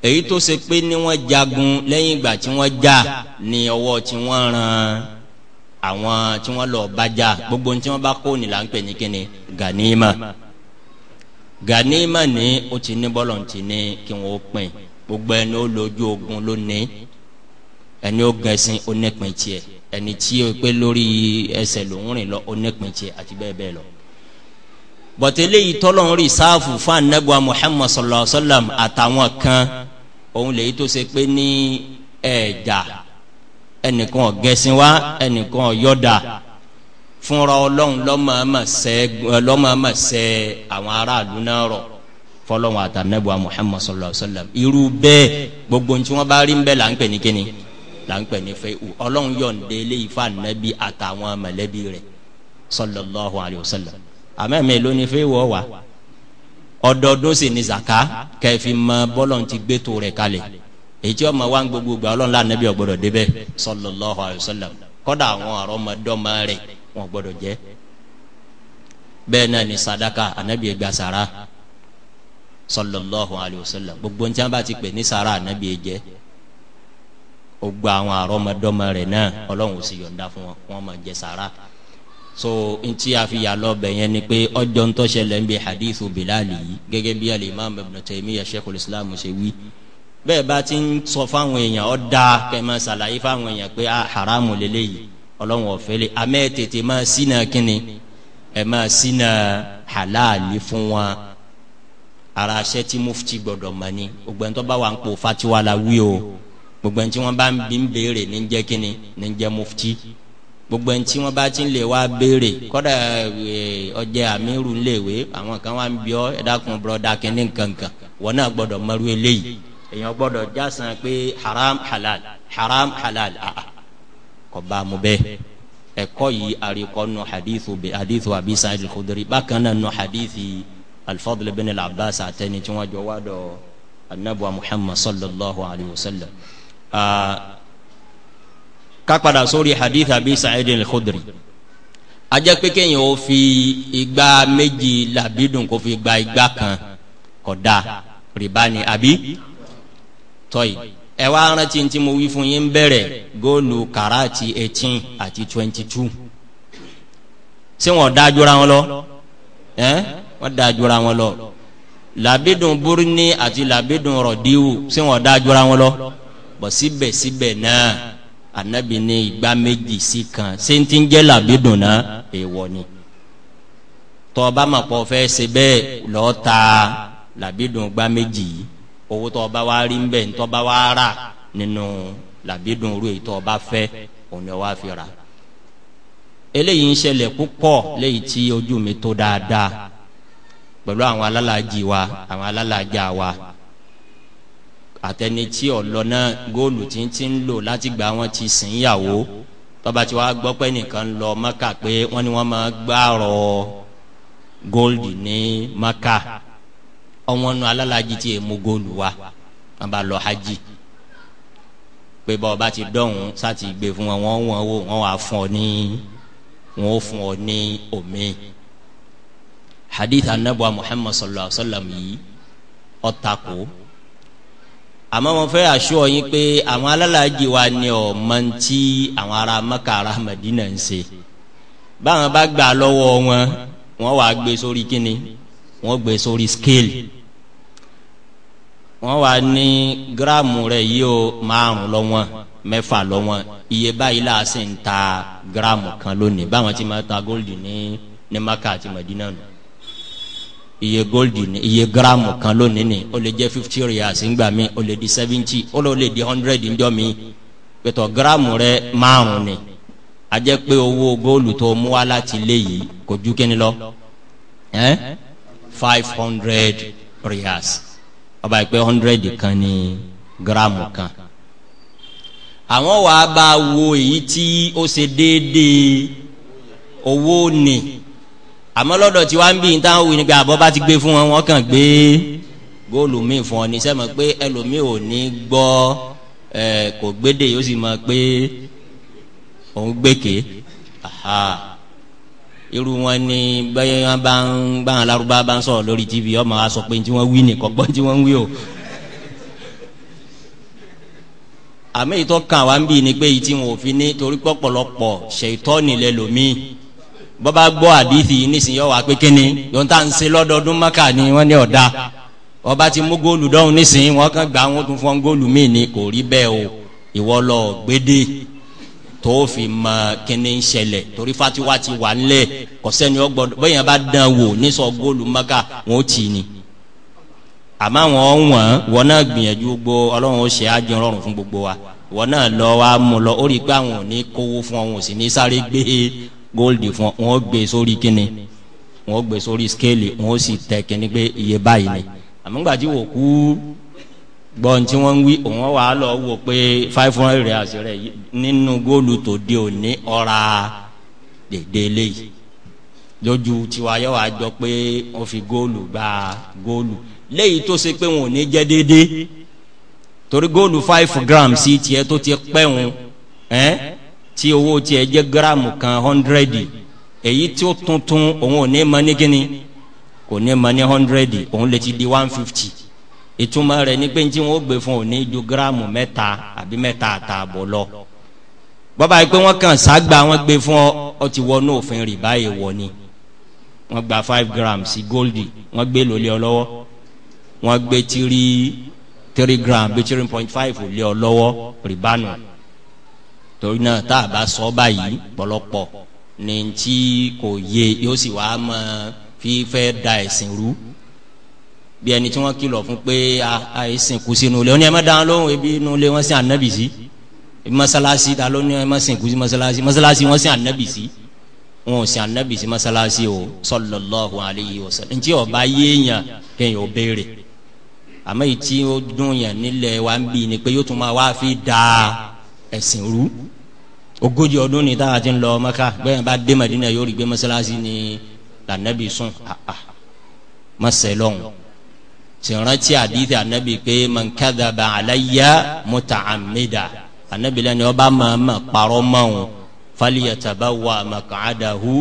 èyí tó ṣe pé ní wọ́n jagun lẹ́yìn ìgbà tí wọ́n jà ní ọwọ́ tí wọ́n ràn àwọn tí wọ́n lọ bájà gbogbo tí wọ́n bá kó ní là ń pè ní kíni ganima ganima ní o ti ní bọ́lọ̀ ti ní kí wọ́n pín gbogbo ẹni ó lójú ogun ló ní ẹni ó gẹ̀sìn ó nípìn tiẹ̀ ẹni tí o pé lórí ẹsẹ̀ lòún rìn lọ ó nípìn àti bẹ́ẹ̀ bẹ́ẹ̀ lọ bọ̀tẹ́lẹ̀ tọ́lọ́run rí sáàfù fún anabuwa Muhammad sallallahu alaihi wa sallam àtàwọn kan òun lèyí tó ṣe pé ní ẹ̀ẹ̀dà ẹnìkan ọ̀gẹ́sìn wá ẹnìkan ọ̀yọ́dà fúnra ọlọ́run lọ́mọọmọ sẹ àwọn aráàlú náà rọ̀ fọlọ́wọn àtànẹ́bùwà Muhammad sallallahu alayhi wa sallam irú bẹ́ẹ̀ gbogbo tí wọ́n bá rí ń bẹ́ẹ̀ là ń pè ní kíni là ń pè ní fẹ́ u ọlọ́run yọ̀ǹde eléyìí fún ànábì àtàwọn mọ̀lẹ́bí rẹ̀ sallallahu alayhi wa sallam àmọ́ ẹ̀mẹ́ ló fẹ́ wọ́ wa ọdọọdún sì ni zaka kẹfì mọ bọ́lọ̀ ti gbé tó rẹ̀ kalẹ̀ èyí tí ọmọ wa ń gbogbo gbà ọlọ́run la nẹ́bí ọ̀gbọ́dọ̀ débẹ̀ sallallahu alaihi wasallam kọ́dà àwọn àrọ́mọdọ́mọ rẹ̀ wọn gbọ́dọ̀ jẹ́ bẹ́ẹ̀ náà ni sadaka anabi gba sara sallallahu alaihi gbogbo ní wọn bá ti pè ní sara anabi jẹ gbogbo àwọn àrọ́mọdọ́mọ rẹ̀ náà ọlọ́run ò sì yọ̀ǹda fún wọn wọn máa jẹ sara so ntí a fi yà lọ bẹ̀ yẹn ni pé ọjọ́ ń tọ́ṣẹlẹ̀ ń bi hadithu bilali yìí gẹ́gẹ́ bí alimam ibn taymiya sheikhul islam ṣe wí bẹ́ẹ̀ bá ti ń sọ fáwọn èèyàn ọ́ da kẹ́ máa ṣàlàyé fáwọn èèyàn pé a ah, haramu lélẹ́yìí ọlọ́run ọ̀fẹ́ lé amẹ́ tètè máa sínà kínni ẹ máa sínà halali fún wa ara aṣẹ́ tí mufti gbọ́dọ̀ mọ̀ ni gbogbo ẹni tó bá wà ń pò fatiwa la wí o gbogbo ẹni tí wọ́n bá ń bí ń béèrè ní jẹ́ kínni ní jẹ́ mufti gbogbo ẹni tí wọn bá ti ń lè wá béèrè kódà e, ọjẹ àmírù ń léwe àwọn kan wá ń bí ọ ẹ dákun bùrọ̀dá kínní nkankan wọn náà gbọ́dọ̀ mọrú eléyìí èèyàn gbọ́dọ̀ jásán pé haram halal haram halal àà kò bá mu bẹ́ẹ̀ ẹ̀kọ́ yìí àríkọ́ nù hadithu bi hadithu abi sa'id al-khudri bákan náà nù hadithi al bin al-abbas àtẹni tí wọ́n jọ wá dọ̀ anabu muhammad sallallahu alayhi wa sallam ká padà sórí hadith abi sa'id al-khudri ajẹ́ pé kéèyàn ó fi igba méjì làbídùn kó fi gba igba kan kódà rìbá ni àbí tọ́yì ẹ wá rántí tí mo wí fún yín bẹ̀rẹ̀ góòlù kàràtì eighteen àti twenty two ṣé wọn dájú ra wọn lọ ẹ wọn dájú ra wọn lọ làbídùn burúkú àti làbídùn rọ̀díwù ṣé wọn dájú ra wọn lọ bọ̀ síbẹ̀síbẹ̀ náà anabi ní ìgbà méjì sí kan ṣé ń ti ń jẹ́ làbí dùnà èèwọ̀ ni tọba ma pọ fẹ́ ṣe bẹ́ẹ̀ lọ́ọ́ ta làbí dùn gbà méjì yìí owó tọba wa rí nbẹ ntọba wa rà nínú làbí dùn ru èyí tọba fẹ́ òní wa fi rà eléyìí ń ṣẹlẹ̀ púpọ̀ léyìí tí ojú mi tó dáadáa pẹ̀lú àwọn alálàájì wa àwọn alálàájà wa àtẹni tí ọlọ náà góòlù tí ń ti ń lò láti gba wọn ti sìn yàwó tọba tí wàá gbọ́ pé nìkan lọ maka pé wọ́n ní wọ́n máa gbàrọ góòlù ní maka ọwọn nu alálàájì tí èmu góòlù wa wọ́n bá lọ hajj pé bá ọba ti dọ̀hún sáti gbé fún wọn wọ́n wò wọ́n wà fún ọ ní wọ́n ó fún ọ ní omi hadith anabu muhammad sallallahu alaihi wa sallam yìí ó tako àmọ́ mo fẹ́ àṣọ yín pé àwọn alálàájì wa ni ọ̀ mọ̀ tí àwọn ará Mẹ́kà ará Mẹ̀dínà ń ṣe báwọn bá gbà lọ́wọ́ wọn wọ́n wàá gbé sórí kíni wọ́n gbé sórí scale wọ́n wà ní gíráàmù rẹ̀ yìí ó márùn lọ́wọ́n mẹ́fà lọ́wọ́n iye báyìí là sì ń ta gíráàmù kan lónìí báwọn ti máa ta góòlù ní ní Mẹ́kà àti Mẹ̀dínà nù iye góòlì ni iye gramu kan lónìí ni ó lè jẹ́ fifty riyals ńgbà mi ó lè di seventy ó lè di hundred ńjọ́ mi pẹ̀tọ̀ gramu rẹ̀ márùn ni a jẹ́ pé owó góòlù tó mú wá láti lé yìí kò ju kí ni lọ five hundred riyas, ọba yìí hundred kan ni gíráàmù kan àwọn wàá bá wo èyí tí ó ṣe déédéé owó ni àmọ́ lọ́dọ̀ tí wàá ń bí nǹkan wù ní pé àbọ̀ bá ti gbé fún wọn wọ́n kàn gbé góòlù míì fún ọ ní sẹ́mi pé ẹlòmíì ò ní gbọ́ ẹ kò gbédè yóò sì mọ̀ pé òun gbèké irú wọn ni bẹ́ẹ̀ wọn bá ń bá wọn lárúbá bá ń sọ̀rọ̀ lórí tv ọmọ wa sọ pé tí wọ́n wí nìkan gbọ́ tí wọ́n wí o. àmì ìtọ́kàn wa ń bì ní pé ìtì wọn ò fi ní torí pọ́pọ̀lọpọ̀ ṣètọ́ nílẹ̀ bọ́bá gbọ́ àdífì nísìnyí ọ̀wà pé kíni yóò tá ń ṣe lọ́dọọdún mọ́kà ni wọ́n ní ọ̀dà ọba ti mú góòlù dọ́hùn nísìnyí wọ́n kàn gbà wọ́n tún fọ́n góòlù míì ni kò rí bẹ́ẹ̀ o ìwọ lọ gbédè tó fi mọ kíni ń ṣẹlẹ̀ torí fatiwa ti wà ńlẹ̀ kọ́sẹ́ni ọgbọ́dọ̀ bẹ́yẹn bá dán wò nísọ góòlù mọ́kà wọ́n tì ní àmọ́ àwọn ọ̀wọ́n wọn náà gbìyànjú gbó ọlọ́run ó ṣe ájẹ́ rọrùn fún gbogbo wa wọn náà lọ wa mú lọ ó rí i pé àwọn ò ní kówó fún ọ wọn ò sì ní sáré gbé góòlì fún wọn gbé sórí kíni wọn gbé sórí skéèlì wọn sì tẹ kíni pé iye báyìí ni àmọ́ gbàtí wò kú gbọ́n tí wọ́n ń wí òun wà á lọ wò pé five hundred rẹ̀ àti rẹ̀ nínú góòlù tó di òní ọ̀ra dèdè eléyìí lójú tiwa yóò wá jọ pé wọ́n fi góòlù gba góòlù léyìí tó ṣe pé wọn ò ní jẹ́ déédéé torí góòlù five grams sí tiẹ̀ tó ti pẹ́ wọn tí owó tiẹ̀ jẹ́ gíráàmù kan hundredi èyí tí ó tuntun òun ò ní ma ní kíni kò ní ma ní hundredi òun lè ti di one fifty ìtumọ̀ rẹ̀ ní pé tí wọ́n gbé fún òun ní ju gíráàmù mẹ́ta àbí mẹ́ta àtààbọ̀ lọ bọ́ba yìí pé wọ́n kàn ságbà wọ́n gbé fún ọ ọ ti wọnú òfin rìbá yìí wọ ni wọ́n gba five grams sí goldi wọ́n gbé lólé ọ lọ́wọ́ wọ́n gbé three three grams bí three point five lé ọ lọ́wọ́ rìbá torí náà tá a bá sọ báyìí pọ̀lọpọ̀ ní tí kò yé yóò sì wá mọ fífẹ́ da ẹ̀sìn rú bí ẹni tí wọ́n kìlọ̀ fún pé àìsìn kù sínú ilé wọn ni ẹ má dáhùn lóhùn ebi inú ilé wọn sin ànábì sí ebi mọ́sálásí ta ló ní ẹ má sìn kù sí mọ́sálásí mọ́sálásí wọn sin ànábì sí wọn ò sin ànábì sí mọ́sálásí o sallallahu alayhi wa sallam ntí ọba yéèyàn kéèyàn ò béèrè àmọ́ ìtí ó dún yàn nílẹ̀ wa ń bì ní pé yóò tún máa wá fi da ẹ̀sìn rú ogójì ọdún ni táwa ti ń lọ Mẹ́kà bẹ́ẹ̀ bá dé Mẹ́dínà yóò rí gbé mọ́sálásí ni lànàbì sùn ah, ah. mọ́sẹ̀lọ́hùn tìrántí àdìsí ànábì pé mankadaba alayya mutaamida ànábì lẹ́ni ọba màmá parọ́ mọ́hùn faliyatabawa makadahu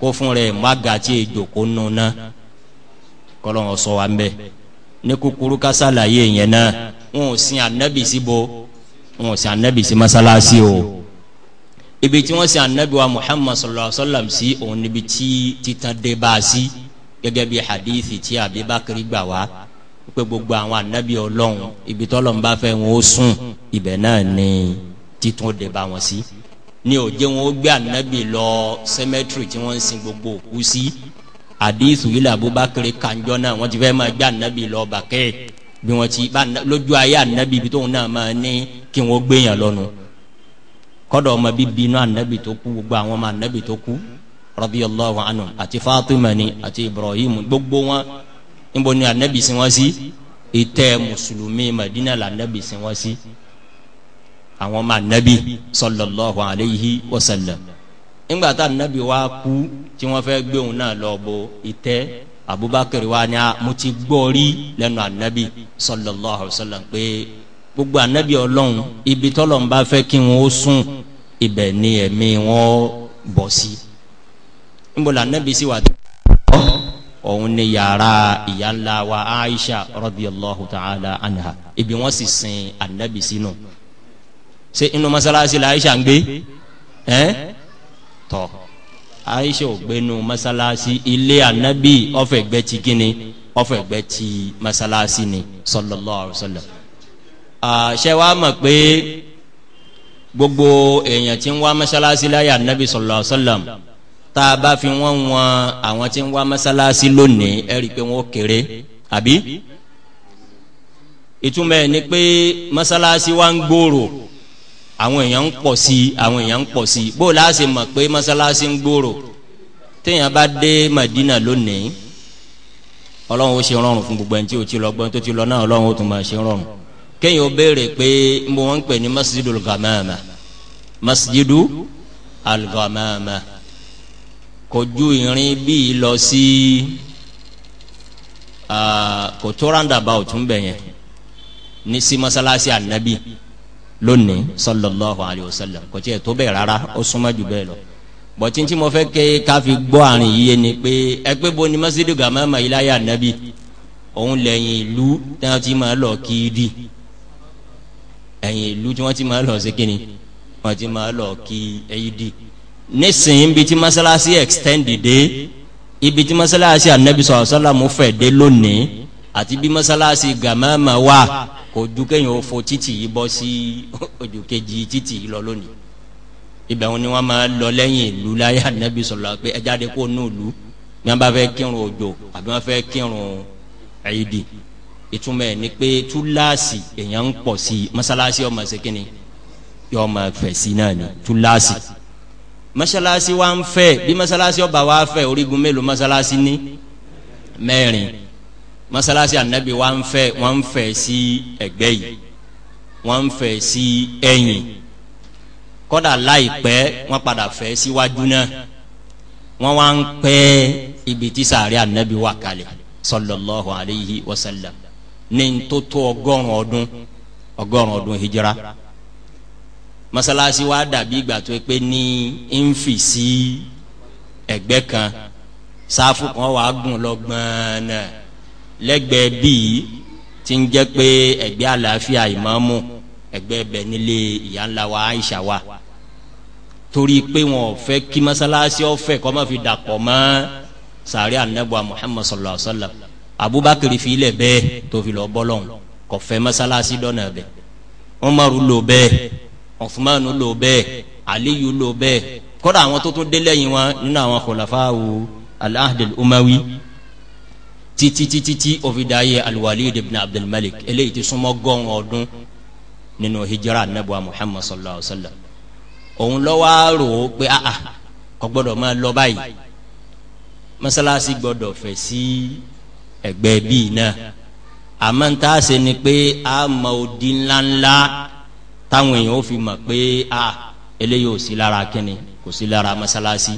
kó fún rẹ̀ magàtí ìjòkó nùnà kọ́lọ́n sọ wa ń bẹ́ẹ̀ ní kúkúrú ká ṣàlàyé yẹn náà wọn ò sin ànábì síbo wọn ò sin ànábì sí masalasi ibi tí wọ́n sin anabi wa muhammad sallallahu alaihi wa sallam sí òun níbi tí titan dé bá a sí gẹ́gẹ́ bí hadithi tí abibakiri gbà wá pé gbogbo àwọn anabi ọlọ́run ibi tọ́lọ́run bá fẹ́ wọn ó sùn ibẹ̀ náà ni titun dé bá wọn sí ní òjé wọn ó gbé anabi lọ cemetery tí wọ́n ń gbogbo òkú sí hadithu yìí la abubakiri kanjọ náà wọ́n ti fẹ́ máa gbé anabi lọ bàkẹ́ bí wọ́n ti lójú ayé anabi ibi tóun náà máa ní kí wọ́n gbé yàn lọ́nu kọ́dọ̀ ọmọ bíbí inú anabi tó kú gbogbo àwọn ọmọ anabi tó kú radiyallahu anhu àti fatima ni àti ibrahim gbogbo wọn níbo ni anabi sin wọn sí ìtẹ́ mùsùlùmí madina la anabi sin wọn sí àwọn ọmọ anabi sallallahu alayhi wa sallam nígbà tá anabi wa kú tí wọ́n fẹ́ gbé náà lọ bọ ìtẹ́ abubakar wa ni a mo ti gbọ́ rí lẹ́nu anabi sallallahu alayhi wa sallam pé gbogbo anabi Ọlọ́run ibi tọlọ́run bá fẹ́ kí wọn ó sùn ibẹ̀ ni ẹ̀mí wọn bọ́ sí nbola anabi sì wà ọ òun ni yàrá ìyá wa Aisha radiyallahu ta'ala anha ibi wọn sì sin anabi sínú ṣe inú masalasi la Aisha ń gbé ẹ tọ Aisha ò gbé nu masalasi ilé anabi ọfẹ gbẹ ti gini ọfẹ gbẹ ti masalasi ni sallallahu alaihi ṣe wá mọ̀ pé gbogbo èèyàn tí ń wá mọ́sálásí láyà nabi sallallahu alaihi wasallam tá a bá fi wọ́n wọn àwọn tí ń wá mọ́sálásí lónìí ẹ rí i pé wọ́n kéré àbí ìtumọ̀ ẹ̀ ni pé mọ́sálásí wa ń gbòòrò àwọn èèyàn ń pọ̀ sí i àwọn èèyàn ń pọ̀ sí i bó láàṣẹ mọ̀ pé mọ́sálásí ń gbòòrò téèyàn bá dé Madina lónìí ọlọ́run ó ṣe rọrùn fún gbogbo ẹni tí ó ti lọ gbọ́n tó ti lọ náà ọlọ́run ó tún máa ṣe rọrùn kéèyàn béèrè pé mo wọn pè ní masjidu al masjidu al-ghamama kò ju ìrìn bíi lọ sí kò tó roundabout ń bẹ̀ yẹn ní sí masalasi anabi lónìí sallallahu alayhi wa sallam kò tiẹ̀ tó bẹ́ẹ̀ rárá ó súnmọ́ jù bẹ́ẹ̀ lọ bọ̀tí tí mo fẹ́ ké káfi gbọ́ àrùn yìí ni pé ẹgbẹ́ bo ni masjidu al-ghamama yìí láyé anabi òun lẹ́yìn ìlú tí wọ́n ti máa lọ kí ẹ̀yìn ìlú tí wọ́n ti máa lọ sí kíni wọ́n ti máa lọ kí ẹyídì nísìnyí ibi tí masalasi extend dé ibi tí masalasi anabi sọ̀rọ̀ sálàmù fẹ̀ dé lónìí àti bí masalasi gàmáàmà wà kò ju kéèyàn ó fo títì yìí bọ́ sí ojú kejì títì yìí lọ lónìí ibẹ̀ wọn ni wọ́n máa lọ lẹ́yìn ìlú láyé anabi sọ̀rọ̀ pé ẹ kó nù ìlú ní wọ́n bá fẹ́ kírun òjò àbí wọ́n fẹ́ kírun ẹyídì ìtumọ̀ ẹ̀ ni pé túláàsì èèyàn ń pọ̀ sí i mọ́sálásí ọmọ ṣèkínni yóò máa fẹ̀ sí náà ni túláàsì mọ́sálásí wa ń fẹ́ bí mọ́sálásí ọba wa fẹ́ orígun mélòó mọ́sálásí ní mẹ́rin mọ́sálásí anabi wa ń fẹ́ wọ́n ń fẹ́ sí ẹ̀gbẹ́ yìí wọ́n ń fẹ́ sí ẹ̀yìn kọ́dà láìpẹ́ wọ́n padà fẹ́ síwájú náà wọ́n wá ń pẹ́ ibi tí sàárẹ̀ anabi wà kalẹ̀ sallallahu alayhi wa sallam ní tó tó ọgọ́rùn ọdún ọgọ́rùn ọdún hijira masalasi wa dàbí ìgbà tó pé ní nfi sí ẹ̀gbẹ́ kan sáfù kan wàá gùn lọ gbọ̀nà lẹ́gbẹ̀ẹ́ bíi ti ń jẹ́ pé ẹ̀gbẹ́ àlàáfíà ìmáàmù ẹ̀gbẹ́ ẹbẹ̀ nílé ìyá ńlá wa Aisha wa torí pé wọn ò fẹ́ kí masalasi ọ̀fẹ́ kọ́ máa fi dàpọ̀ mọ́ sàárẹ̀ anabu Muhammad sallallahu alaihi wa sallam abubakar fi ilẹ̀ bẹ́ẹ̀ tó fi lọ bọ́lọ̀ kò fẹ́ masalasi dọ́nà bẹ́ẹ̀ umaru lò bẹ́ẹ̀ usmanu lò bẹ́ẹ̀ aliyu lò bẹ́ẹ̀ kódà àwọn tó tún délẹ̀ yìí wọn nínú àwọn khulafawu al-ahdil umawi titititi ofidaye alwalid ibn abdulmalik eléyìí ti súnmọ́ gọ́n ọdún nínú hijira anabuwa muhammad sallallahu alaihi wa sallam òun lọ wá rò ó pé a kò gbọ́dọ̀ máa lọ báyìí masalasi gbọ́dọ̀ fẹ̀ sí. Si ẹ̀gbẹ́ bíi náà àmọ́ ń tàá ṣe ni pé a mọ odi ńláńlá táwọn èèyàn ó fi mọ̀ pé a eléyìí ò sí lára kínni kò sí lára mọ́sálásí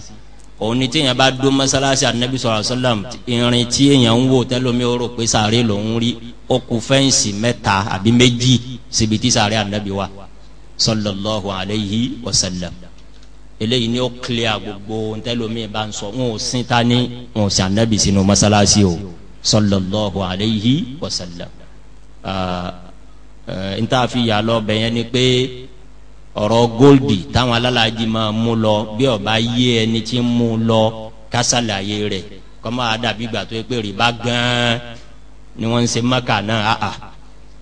òun ni téèyàn bá dó mọ́sálásí anabi sọ̀rọ̀ sọ́làm irin tí èèyàn ń wò tẹ́lómi ó rò pé sàárè lòún rí ó kù fẹ́ǹsì mẹ́ta àbí méjì síbi tí sàárè anabi wa sallallahu alayhi wa sallam eléyìí ni ó kílíà gbogbo tẹ́lómi bá ń sọ wọn ò sin tani wọn ò sin anabi sínú mọ́sálásí o sallallahu alayhi wa sallam ntaafi yàlọ bẹyẹn ni pé ọ̀rọ̀ góòlì táwọn alálàájì máa mú lọ bí ọba yé ẹni tí ń mú lọ kásálàyé rẹ̀ kọ́mọ́ àdàbí gbà tó yẹ pé rìbá gan-an ni wọ́n ń ṣe mọ́kà náà àà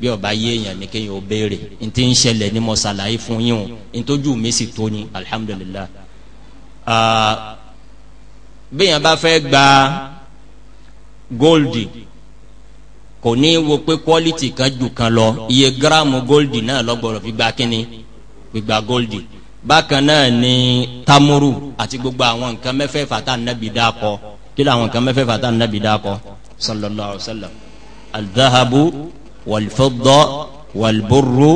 bí ọba yé èèyàn ní kéèyàn ó béèrè n ti ń ṣẹlẹ̀ ní mo ṣàlàyé fún yín o n tójú mi sì tó ni alihamudulilayi. béèyàn bá fẹ́ gba góòlì kò ní wo pé quality kan jù kan lọ iye gíráàmù góòlì náà lọ́gbọ̀rọ̀ fi gba kínní gbígba góòlì bákan náà ni tamuru àti gbogbo àwọn nǹkan mẹ́fẹ̀ẹ̀fà tá nàbì dá kọ kí làwọn nǹkan mẹ́fẹ̀ẹ̀fà tá nàbì dá kọ sallallahu alayhi wa sallam al-dhahabu wal-fidda wal-burru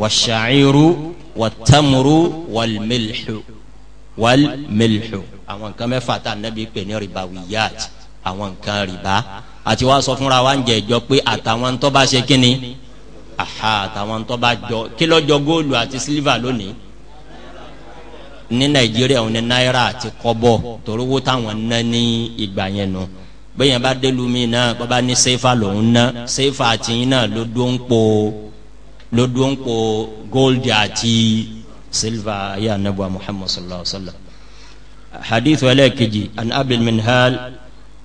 wal àwọn nǹkan mẹ́fà tá nàbì pè ní ribawiyat àwọn nǹkan rìbá àti wàá sọ fúnra wa ń jẹ ìjọ pé àtàwọn tó bá ṣe kínni aha àtàwọn tó bá jọ kí lọ́jọ́ góòlù àti sílífà lónìí ní nàìjíríà òun ní náírà àti kọ́bọ̀ torówó táwọn ná ní ìgbà yẹn nù bẹ́ẹ̀ yẹn bá délu mi náà bàbá ní sẹ́fà lòun ná sẹ́fà àtìyín náà ló dó ń ló dó ń góòlù àti sílífà ayé anabu muhammadu sallallahu alaihi wa sallam hadith wàlẹ́ kejì an abil minhal.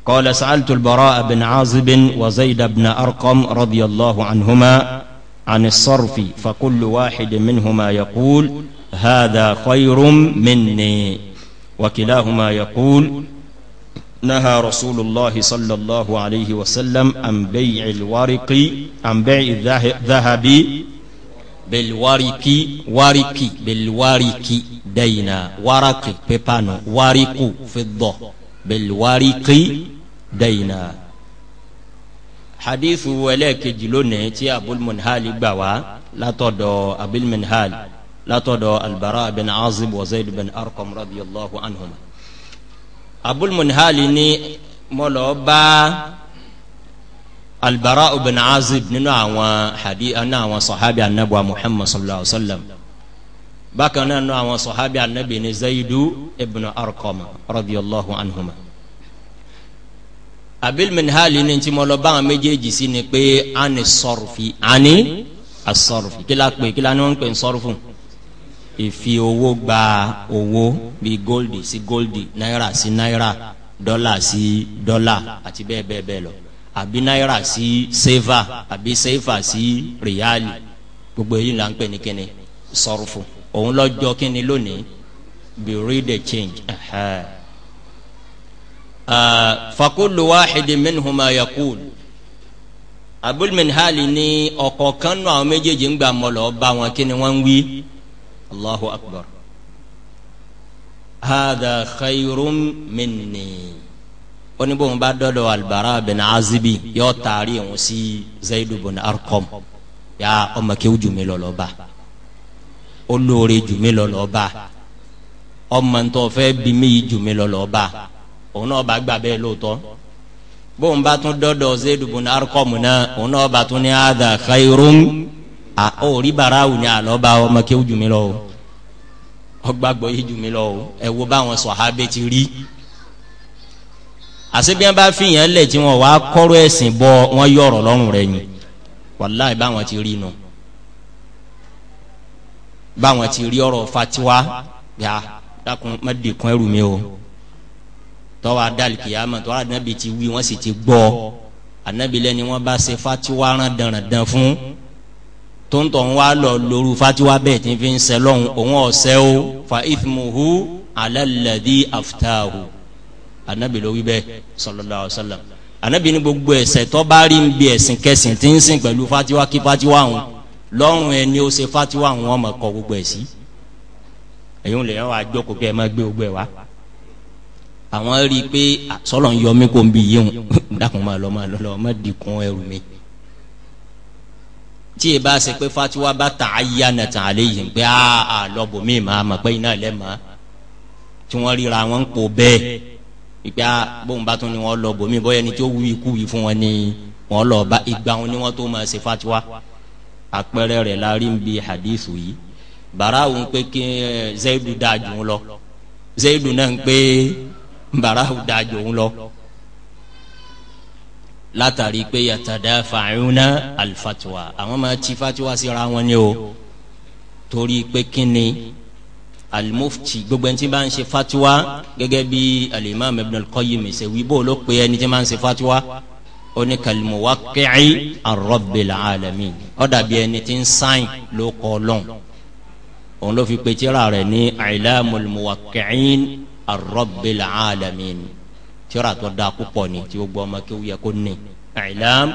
قال سألت البراء بن عازب وزيد بن أرقم رضي الله عنهما عن الصرف فكل واحد منهما يقول هذا خير مني وكلاهما يقول نهى رسول الله صلى الله عليه وسلم عن بيع الورق عن بيع الذهب بالورق ورق بالورق دينا ورق بيبانو ورق فضة بالورق dayina hadithu wẹlẹ́kejì lónìí tí abulmunhali gbà wá látọ̀dọ̀ abulmunhali látọ̀dọ̀ albara bin azib wa zayd bin arqam radiyallahu anhum abulmunhali ni mọlọ bá albara bin azib nínú àwọn hadi nínú àwọn sahabi anabuwa muhammad sallallahu alaihi wa sallam bákan náà nínú sahabi anabi ni zaydu ibn arqam radiyallahu anhuma. abil minhali ni tí mo lọ bá àwọn méjèèjì sí ni pé ani sọrùfì ani asọrùfì kila la pè kí la ni wọn ń pè ń sọrùfù ìfi owó gba owó bíi góòlì sí góòlì náírà sí náírà dọ́là si dọ́là àti bẹ́ẹ̀ bẹ́ẹ̀ bẹ́ẹ̀ lọ àbí náírà sí sèfà àbí sèfà sí rìálì gbogbo èyí là ń pè ní kíni sọrùfù òun lọ jọ kíni lónìí be read the change. Uh -huh Ah, fakulu wáhidi minhuma yakul abul minhali ni ọ̀kọ̀ọ̀kan nù àwọn méjèèjì ń gbà mọ́ lọ bá wọn kí ni wọ́n ń wí allahu akbar hada khayrum minni oníbòun bá dọ́dọ̀ albara bin azibi yóò taari òun sí zayidu bin arkom ya ọmọ kéwù jùmí lọ́lọ́ba olóore jùmí lọ́lọ́ba ọmọ ntọ́ bimi jùmí lọ́lọ́ba òun náà bá gbà bẹ́ẹ̀ lóòótọ́ bóun bá tún dọ́dọ̀ Zaid ibn Arqam náà òun náà bá tún ní hadha khairun ó rí bàrà wù ní àlọ́ bá ọmọ kéwù jù mí lọ o ọgbàgbọ́ yìí jù mí lọ o ẹ wo báwọn sọ̀hábẹ́ ti rí àṣebíyàn bá fìyàn lẹ̀ tí wọ́n wá kọ́rọ́ ẹ̀sìn bọ́ wọ́n yọ̀rọ̀ lọ́rùn rẹ̀ yìí wàláì báwọn ti rí nu báwọn ti rí ọ̀rọ̀ fatiwa yá dákun má ẹrù mi o tọ́wọ́ adálìkìyàmọ̀ tọ́wọ́ anabi ti wí wọ́n sì ti gbọ́ anabi lẹ́ni wọ́n bá ṣe fatiwa rán dandan fún tóńtọ̀ ń wá lọ lóru fatiwa bẹ́ẹ̀ tí fi ń sẹ́ lọ́hùn òun ọ̀sẹ́ o fa ithmuhu alaladi aftahu anabi ló wí bẹ́ẹ̀ sallallahu alaihi wasallam anabi ní gbogbo ẹ̀ṣẹ̀ tó bá rí ń bi ẹ̀sìn kẹsìn tí ń sìn pẹ̀lú fatiwa kí fatiwa hùn lọ́rùn ẹ ní o ṣe fatiwa hùn ọmọ kọ gbogbo ẹ̀ sí ẹ̀yìn lè yẹn wá jókòó kí ẹ má gbé gbogbo ẹ̀ wá àwọn rí i pé sọlọ ń yọ mí kó ń bi yéwọn [laughs] dákun máa lọ máa lọ lọ má dìkun ẹrù mi tí e bá ṣe pé fatiwa bá ta ayé nàtà àléyìn pé a lọ́bù mí màá mà pé iná ilẹ̀ màá tí wọ́n ríra wọn ń po bẹ́ẹ̀ ìgbà bóun bá tún ni wọ́n lọ́bù mí bóyá ẹni tí ó wúwi kúwi fún wọn ni wọ́n lọ bá ìgbà wọn ni wọ́n tó máa ṣe fatiwa àpẹẹrẹ rẹ̀ la rí bí hadithu yìí bàrà òun pé kí zayidu dáa jù ú lọ zayidu náà ń barahu dájọ ń lọ látàrí pé yatadafa'una al-fatwa àwọn máa ti fatwa síra wọn ni o torí pé kíni alimufti gbogbo ẹni tí bá ń ṣe fatiwa gẹ́gẹ́ bí alimam ibn al-qayyim ṣe wí bó ló pe ẹni tí bá ń ṣe fatiwa ó ní kalmuwaqqi'i ar-rabbil alamin ó dàbí ẹni tí ń sáìn ló kọ́ lọ́n òun ló fi pe tírà rẹ̀ ní i'lamul muwaqqi'in arọ́bìlà alamin tíra tó da púpọ̀ ni tí o gbọ́ ọmọ kí o yẹ kó ní I'lam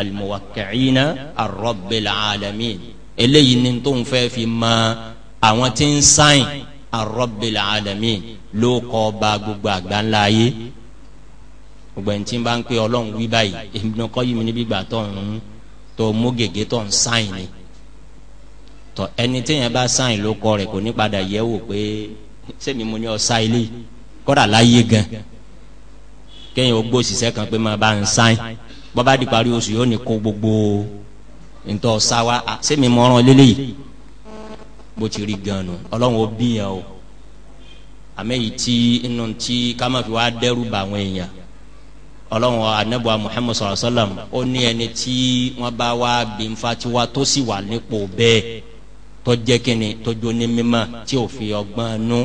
al-muwaqqi'ina arọ́bìlà alamin eléyìí ni tó ń fẹ́ fi mọ àwọn tí ń sáyìn arọ́bìlà alamin ló kọ́ ba gbogbo àgbáńlá yé gbogbo bá ń pè ọlọ́run wí báyìí Ibn Qayyim níbi gbà tó ń tó mú gègé tó ń sáyìn ni tọ ẹni téèyàn bá sáyìn ló kọ kò ní padà yẹ̀ wò pé sẹ́mi mo ní ọ̀sá ilé kọ́dà láyé gan kẹ́yìn ogbó òṣìṣẹ́ kan pé máa bá ń sáyìn bọ́bá di parí oṣù yóò ní kó gbogbo ntọ́ ọ̀sá wa sẹ́mi mo rán lélẹ́yìí bó ti rí gan nu ọlọ́run ó bí yẹn o àmẹ́yìí tí inú tí ká wá dẹ́rù bá àwọn èèyàn ọlọ́run anabu muhammed sallallahu alayhi wa sallam ó ní ẹni tí wọ́n bá wá bí nfa tí wá tó sì wà nípò bẹ́ẹ̀ tọjẹ kini tọjọ ní mímọ̀ tí o fi ọgbọ́n nú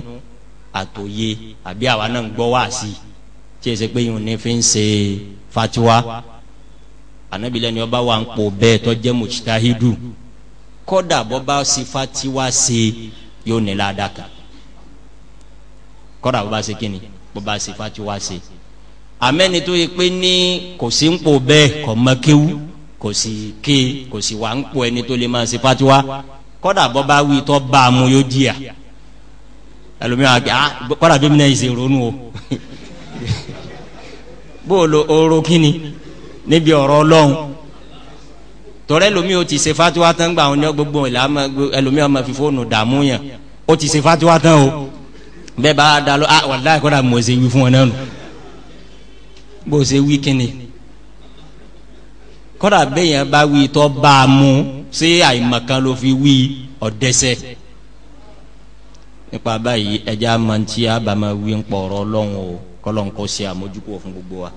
àtòye àbí àwa náà ń gbọ́ wá sí i tí e ṣe pé yìí ní fi ń ṣe fatiwa anabilẹni ọba wa ń pò bẹ́ẹ̀ tọjẹ mujtahidu kódà bọba sí fatiwa ṣe yóò ní ládàkà kódà bọba ṣe kini bọba sí fatiwa ṣe amẹni tó yẹ pé ní kò sí ń pò bẹ́ẹ̀ kò mọ kéwú kò sí ké kò sí wà ń pò ẹni tó lè máa ṣe fatiwa kọ́dà bọ́ bá wí tọ́ bá a mú yóò jìyà ẹlòmíràn àgbẹ̀ ah kọ́dà bí mi náà ṣe ronú o [laughs] bó o lo ooro kíni níbi ọ̀rọ̀ ọlọ́run tọ́rẹ́ ẹlòmíràn o ti ṣe fatiwa tán gbà wọn ní gbogbo ìlànà ẹlòmíràn fi fóònù dààmú yàn o ti ṣe fatiwa tán o bẹ́ẹ̀ bá a da lọ ah wàlláhì kọ́dà mọ̀ ṣe wí fún ọ náà nù bó o ṣe wí kíni kọ́dà bẹ́ẹ̀ yẹn bá wí tọ́ bá a mú. ṣé àìmọ̀kan ló fi wí ọ̀dẹ́sẹ̀ nípa báyìí ẹja amantí abama wí ń pọ̀rọ̀ ọlọ́run o kọ́lọ́n kó ṣe gbogbo wa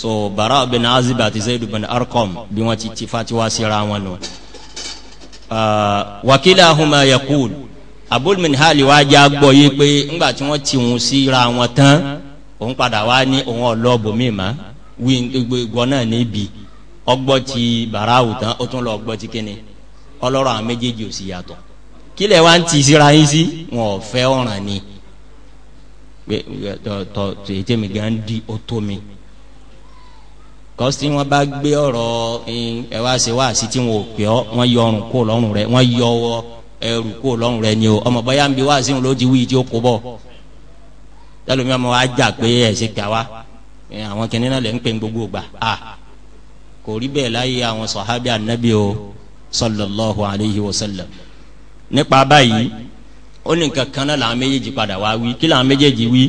so bara bin azib àti zayd bin arqam bí wọ́n ti ti fatiwa síra wọn nù. wakila ahuma yakul abul minhali wa jẹ́ agbọ́ yé pé ńgbà tí wọ́n ti hun síra wọn tán òun padà wá ní òun ọlọ́ọ̀bùnmí mọ́ wí gbọ́n náà níbi ọgbọ́ ti bara awùtán ó tún lọ ọgbọ́ ti kíni. ọlọ́rọ̀ àwọn méjèèjì ò sì yàtọ̀ kí lè wá ń ti síra yín sí wọn ò fẹ́ ọ̀ràn ni tọ ètè mi gan di ó tó mi kọ́sí wọn bá gbé ọ̀rọ̀ ẹ wá ṣe wá sí tí wọn ò pè ọ́ wọ́n yọ ọrùn kó lọ́rùn rẹ wọ́n yọ ọ ẹrù kó lọ́rùn rẹ ni o ọmọ bọ́yá ń bi wá sí wọn ló ti wí tí ó kó bọ̀ tẹlomi ọmọ wa jà pé ẹsẹ gà wa àwọn kìnìún lè ń pè gbogbo gbà kò rí bẹ́ẹ̀ láyé àwọn sọ̀hábì ànábì o sallallahu alayhi wa sallam nípa báyìí ó ní nǹkan kan náà làwọn méjèèjì padà wá wí kí làwọn méjèèjì wí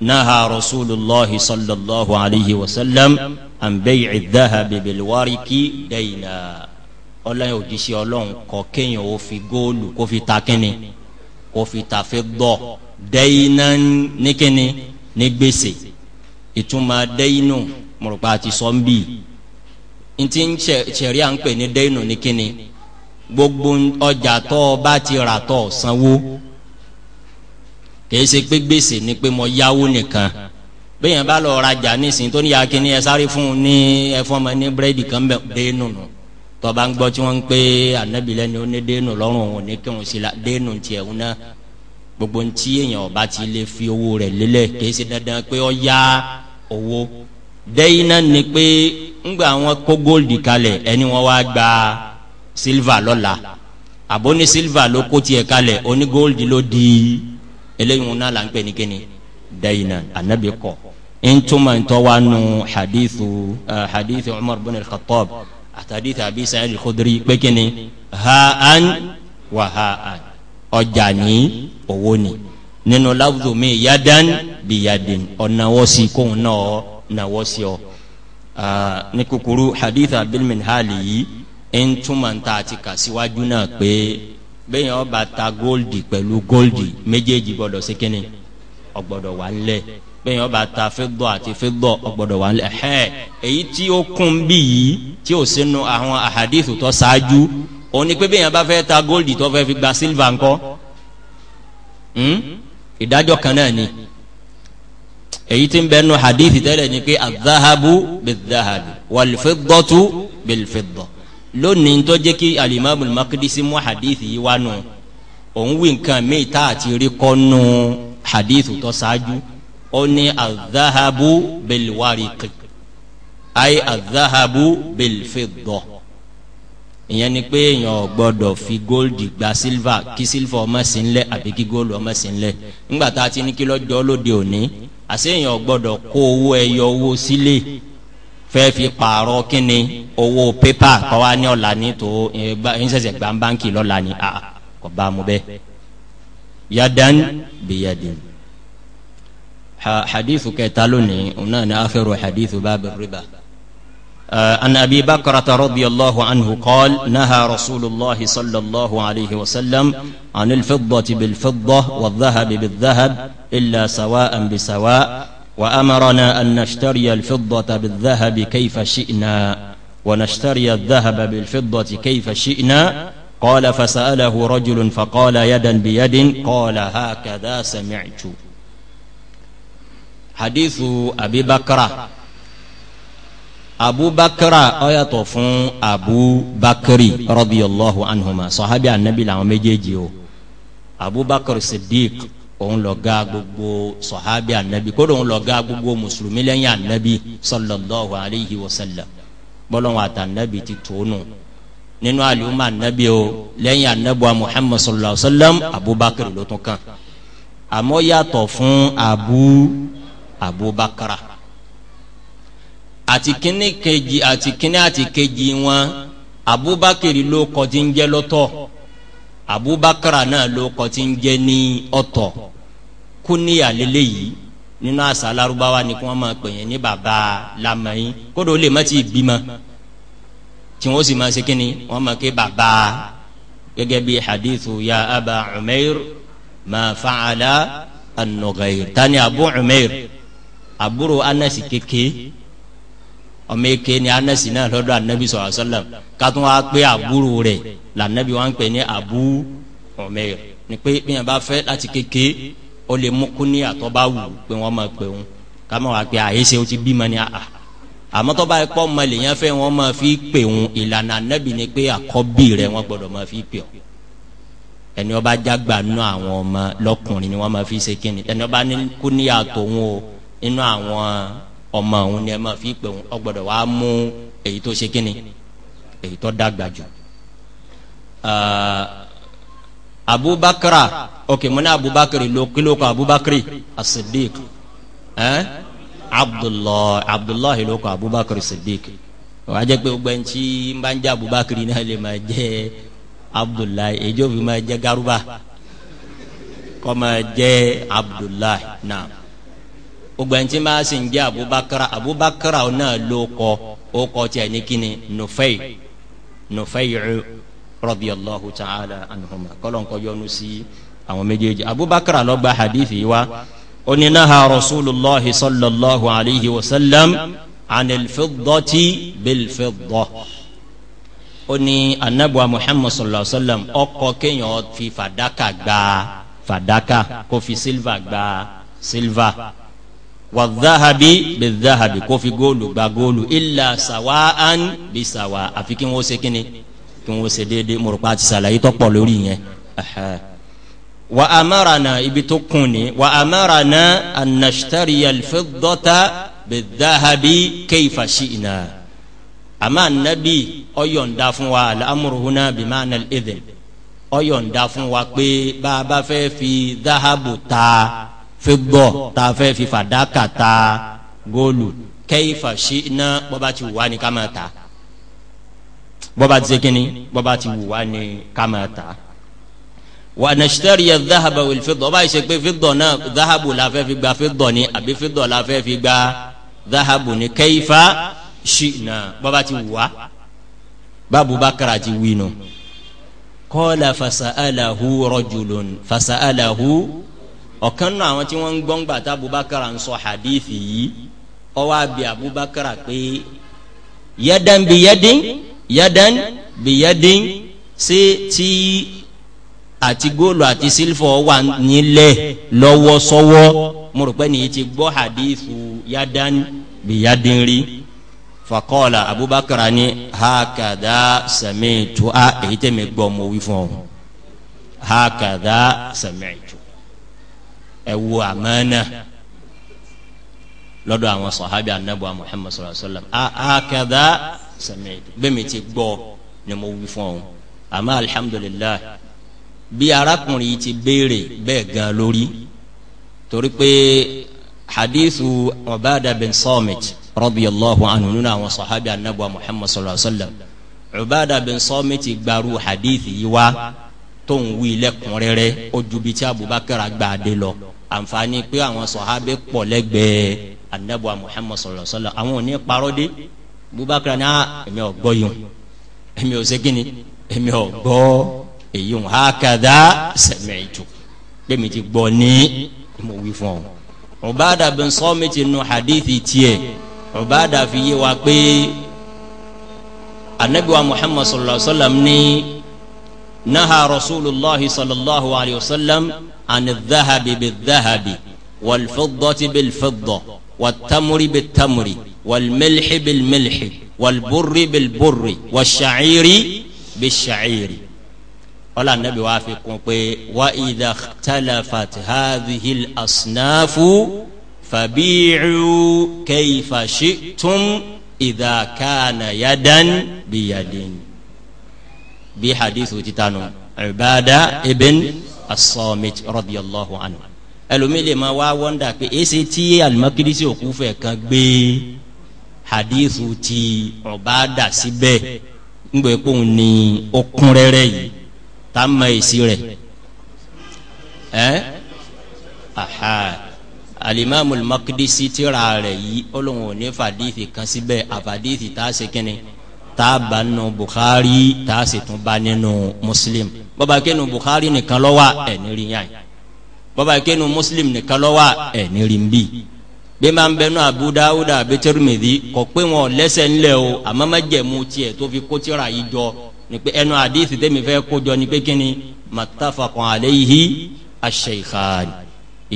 naha rasulillahi sallallahu alayhi wa sallam an bay'i dhahabi bil wariki dayna ọlọ́yin òjíṣẹ́ ọlọ́run kọ kéèyàn ó fi góòlù kó fi ta kínni kó fi ta fi gbọ́ dayna ní kínni ní gbèsè ìtumọ̀ daynu mọ̀rọ̀pá ti sọ ń bì í ntí sẹ̀rí à ń pè ní dẹ́nu ní kíni gbogbo ọjà tó o bá ti rà tó o sanwó kìí ṣe pé gbèsè ni pé mo yáwó nìkan bẹ́ẹ̀yàn bá lọ rajà nísìnyí tó ní ya kíní ẹ sáré fún un ní ẹfọ́n mọ́ ní búrẹ́dì kan bẹ́ẹ̀ dẹ́nu nù tó bá ń gbọ́ tí wọ́n ń pè ànábìlẹ̀ ni ó ní dẹ́nu lọ́rùn òun ní kírun sí la dẹ́nu tiẹ̀ ń ná gbogbo ntí èèyàn ọba ti lè fi owó rẹ̀ lélẹ̀ kìí ṣe dandan pé ó yá owó dẹ́yìn náà ni pé ńgbà wọn kó góòlì kalẹ̀ ẹni wọn wá gba sílvà lọ́la àbó ní sílvà ló kó tiẹ̀ kalẹ̀ oní góòlì ló di eléyìí wọn náà là ń pè ní kíni dayina anabi kọ ntoma ntọwa nu hadithu uh, hadithu umar bin al-khattab hadithu abi sa'id al-khudri pé kíni ha an wa ha an ọjà ní owó ni nínú láwùjọ mi yadan bi yadin ọ̀nàwọ́sí kóhun náà ọ̀nàwọ́sí ọ ní kúkúrú hadith abilminhali yìí ń túmọ̀ ń ta àti kà síwájú náà pé bẹ́ẹ̀ ọba ta góòlì pẹ̀lú góòlì méjèèjì gbọ́dọ̀ sí kínní ọgbọ́dọ̀ wà ńlẹ̀ bẹ́ẹ̀ ọba ta fẹ́gbọ́ àti fẹ́gbọ́ ọgbọ́dọ̀ wà ńlẹ̀ ẹ̀hẹ́ èyí tí ó kún bí yìí tí ó sínú àwọn hadith tó ṣáájú òun pé bẹ́ẹ̀ ọba fẹ́ ta góòlì tó fẹ́ fi gba sílvà ńkọ́ hmm? ìdájọ́ kan náà ni èyí tí ń bẹ nu hadith tẹ́lẹ̀ ni pé azahabu bizahabi walfiddatu bilfidda lónìí tó jẹ́ kí alimami makidisi mú hadith yìí wá nù òun wí nǹkan míì tá a ti rí kọ́ nù hadith tó ṣáájú ó ní azahabu bilwariki ay azahabu bilfidda ìyẹn ni pé èèyàn gbọ́dọ̀ fi góòlù gba sílvà kí sílvà ọmọ sí ń lẹ àbí kí góòlù ọmọ sí ń lẹ nígbà tá a ti ní kí lọ́jọ́ lóde òní àṣeyàn gbọ́dọ̀ kó owó ẹyọ owó sílé fẹ́ẹ́ fi pààrọ̀ kínni owó pépà kọ́ wa ní ọ̀la ní tó ń ṣẹ̀ṣẹ̀ gba báńkì lọ́la ní a kò bá mu bẹ́ẹ̀ yadan biyadin hadithu kẹta lónìí òun náà ní akhiru hadithu bábí riba. آه، أن أبي بكرة رضي الله عنه قال نهى رسول الله صلى الله عليه وسلم عن الفضة بالفضة والذهب بالذهب إلا سواء بسواء وأمرنا أن نشتري الفضة بالذهب كيف شئنا ونشتري الذهب بالفضة كيف شئنا قال فسأله رجل فقال يدا بيد قال هكذا سمعت حديث أبي بكرة abubakara ọyàtọ̀ fún abubakari rọ́bìyàlláhu anhuma sọ̀hábì anabi làwọn méjèèjì o abubakar siddiq òun lọ ga gbogbo sọ̀hábì anabi kódò òun lọ ga gbogbo mùsùlùmí lẹ́yìn anabi sallallahu alayhi wa sallam bọ́lọ́wọ́n àtànabi ti tóónù nínú àlùmọ́ anabi o lẹ́yìn anabi wa muhammad sallallahu alayhi wa sallam abubakar ló tún kàn àmọ́ yàtọ̀ fún abu abubakara. Abu àti kíní kejì àti kíní àti kejì wọn abubakar ló kọ tí ń jẹ lọ́tọ̀ abubakar náà ló kọ tí ń jẹ ní ọ̀tọ̀ kúníyà lélẹyìí nínú àṣà Lárúbáwá ni kí wọn máa pè yẹn ní baba lamẹyìn kódò ó lè má ti bímọ tí wọn sì máa ṣe kíni wọn máa ké baba gẹ́gẹ́ bí hadithu ya aba umair ma fa'ala an tani abu umair àbúrò anasi kékeré ọmọ eke ni anasi náà lọ́dọ̀ anabi sọlá sọlá kátún wá pé àbúrò rẹ̀ lànàbí wá ń pè ní abu umair ni pé bí wọn bá fẹ́ láti kéke ó lè mú kú ní àtọ́bá wù pé wọ́n máa pè wọn ká máa wá pé àyèsè ti bímọ ní àhà àmọ́ tó bá yẹ kọ́ ọmọ lèyàn fẹ́ wọ́n máa fi pè wọn ìlànà anabi ni pé àkọ́bí rẹ̀ wọ́n gbọ́dọ̀ máa fi pè wọn ẹni ọba jágbà nù àwọn ọmọ lọkùnrin ni wọ́n máa fi ṣe kíni ẹni ọba ní kú ní àtòwọn o nínú àwọn ọmọ òun ni ẹ máa fi pè òun ọgbọ́dọ̀ wàá mú èyí tó ṣe kíni èyí tó dàgbà jù. Ah, abubakar ok mo ní abubakar ló kílò kọ abubakar as-siddiq ẹn abdullahi abdullahi ló kọ abubakar as-siddiq eh? wàá jẹ́ pé gbẹ̀ntì ń bá ń jẹ́ abubakar náà lè máa jẹ́ abdullahi èjò máa jẹ́ garuba kọ́ máa jẹ́ abdullahi náà gbogbo ẹni tí bá sì ń jẹ́ abubakar abubakar náà ló kọ ó kọ tiẹ̀ ní kíni nufẹ́yì nufẹ́yì radiyallahu ta'ala anhuma kọ́lọ́nkọ́ yọnu sí àwọn méjèèjì abubakar ló gba hadithi wa oninaha rasulillahi sallallahu alayhi wa sallam anilfiddati bilfidda ó anabuwa muhammad sallallahu alaihi wa sallam ọkọ kéèyàn fi fàdákà gba fàdákà kó fi silva silva wà záhàbí bẹ záhàbí kó fi góòlù gba góòlù ilà sàwá án bí sàwá àfi kí wọ́n ṣe kíni kí wọ́n ṣe déédéé mọ̀rọ̀pá àti sàlàyé tọ́pọ̀ lórí yẹn wa amarana ibi tó kun ni wa amarana anashtariyal fiddata bẹ záhàbí kéyìfà ṣìnà àmà nàbí ọyọ̀ǹda fún wa alámúruhùnà bìmánà ìdìn ọyọ̀ǹda fún wa pé bá fẹ́ fi záhàbù ta fidda tá a fẹ́ fi fàdákà ta góòlù kayfa shi'na bọ́ba ti wù wá ní ká máa ta bọ́ba ti ṣe kínní bọ́ba ti wù wá ní ká máa ta wa nashtariya dhahaba wal fidda ọba ìṣe pé fidda náà dhahabu la fẹ́ fi gba fidda ni àbí fidda la fẹ́ fi gba dhahabu ni kayfa shi'na bàbá ti wà bàbá bakara ti wí nù. qala fasa'alahu rajulun fasa'alahu ọ̀kan náà àwọn tí wọ́n ń gbọ́ngbà tá abubakar ń sọ hadithi yìí ọwọ́ àbí abubakar pé yadan bi yadin yadan bi yadin ṣé tí àti góòlù àti sílfọ̀ wà nílẹ̀ lọ́wọ́ sọ́wọ́ mo rò pé nìyí ti gbọ́ hadithu yadan bi yadin rí fakọ́ọ̀là abubakar ni hakada sami'tu a èyí tẹ̀ mí gbọ́ mo wí fún ọ hakada sami'tu ẹ wo àmánà lọ́dọ̀ àwọn sọ̀hábì anábọ̀ Muhammad sallallahu alaihi wasallam àkàdá sẹ̀mẹ̀ bẹ́ẹ̀ mi ti gbọ́ ni mo wí fún ọ àmọ́ alihamudulilayi bí arákùnrin yìí ti béèrè bẹ́ẹ̀ gan lórí torí pé hadithu Ubada bin Samit radiyallahu anhu nínú àwọn sọ̀hábì anábọ̀ Muhammad sallallahu alaihi wasallam Ubada bin Samit gbaru hadithi yìí wá tóun wí lẹ́kùnrẹ́rẹ́ ó ju bí tí Abubakar gbàdé lọ àǹfààní pé àwọn sọ̀hábẹ́ pọ̀ lẹ́gbẹ̀ẹ́ anabuwa muhammad sallallahu alaihi wa sallam àwọn ò ní parọ́dé bubakar ní ah, èmi ò gbọ́ yìí èmi ò ségini èmi ò gbọ́ èyí ń hakadha sami'tu pèmí ti gbọ́ ní mo wí fún ọ. Ubada bin Samit nù hadithi tiẹ̀ Ubada fi yé wa pé anabiwa muhammad sallallahu alaihi ní naha rasulillahi sallallahu alaihi wa sallam. عن الذهب بالذهب والفضة بالفضة والتمر بالتمر والملح بالملح والبر بالبر والشعير بالشعير قال النبي وافقكم وإذا اختلفت هذه الأصناف فبيعوا كيف شئتم إذا كان يدا بيد بحديث تتانو عبادة ابن as-Samit radiyallahu anhu ẹlòmíì lè máa wá wọ́ndà pé èsì tí al-Maqdisi òkú fẹ̀ kan gbé hadithu ti Ubada síbẹ̀ ńgbẹ́ pòun ní ọkùnrẹ́rẹ́ yìí tá a mọ èsì rẹ̀ ẹ́ aha alimami al tíra rẹ̀ yìí ó ní fàdíìsì kan síbẹ̀ àfàdíìsì tá a ṣe tá a bá nínú bukhari tá a sì tún bá nínú muslim bọ́ba kẹ́nu bukhari nìkan ló wà ẹ̀ nírí yàn bọ́ba kẹ́nu muslim nìkan ló wà ẹ̀ nírí ń bì bí máa ń bẹnu abu dawuda àbí tirmidhi kò pé wọn lẹ́sẹ̀ ńlẹ̀ o àmọ́ má jẹ̀mú tiẹ̀ tó fi kó tírà yìí jọ ni ẹnu àdìsí tẹ́mi fẹ́ kó jọ ni pé kí ni mattafaqun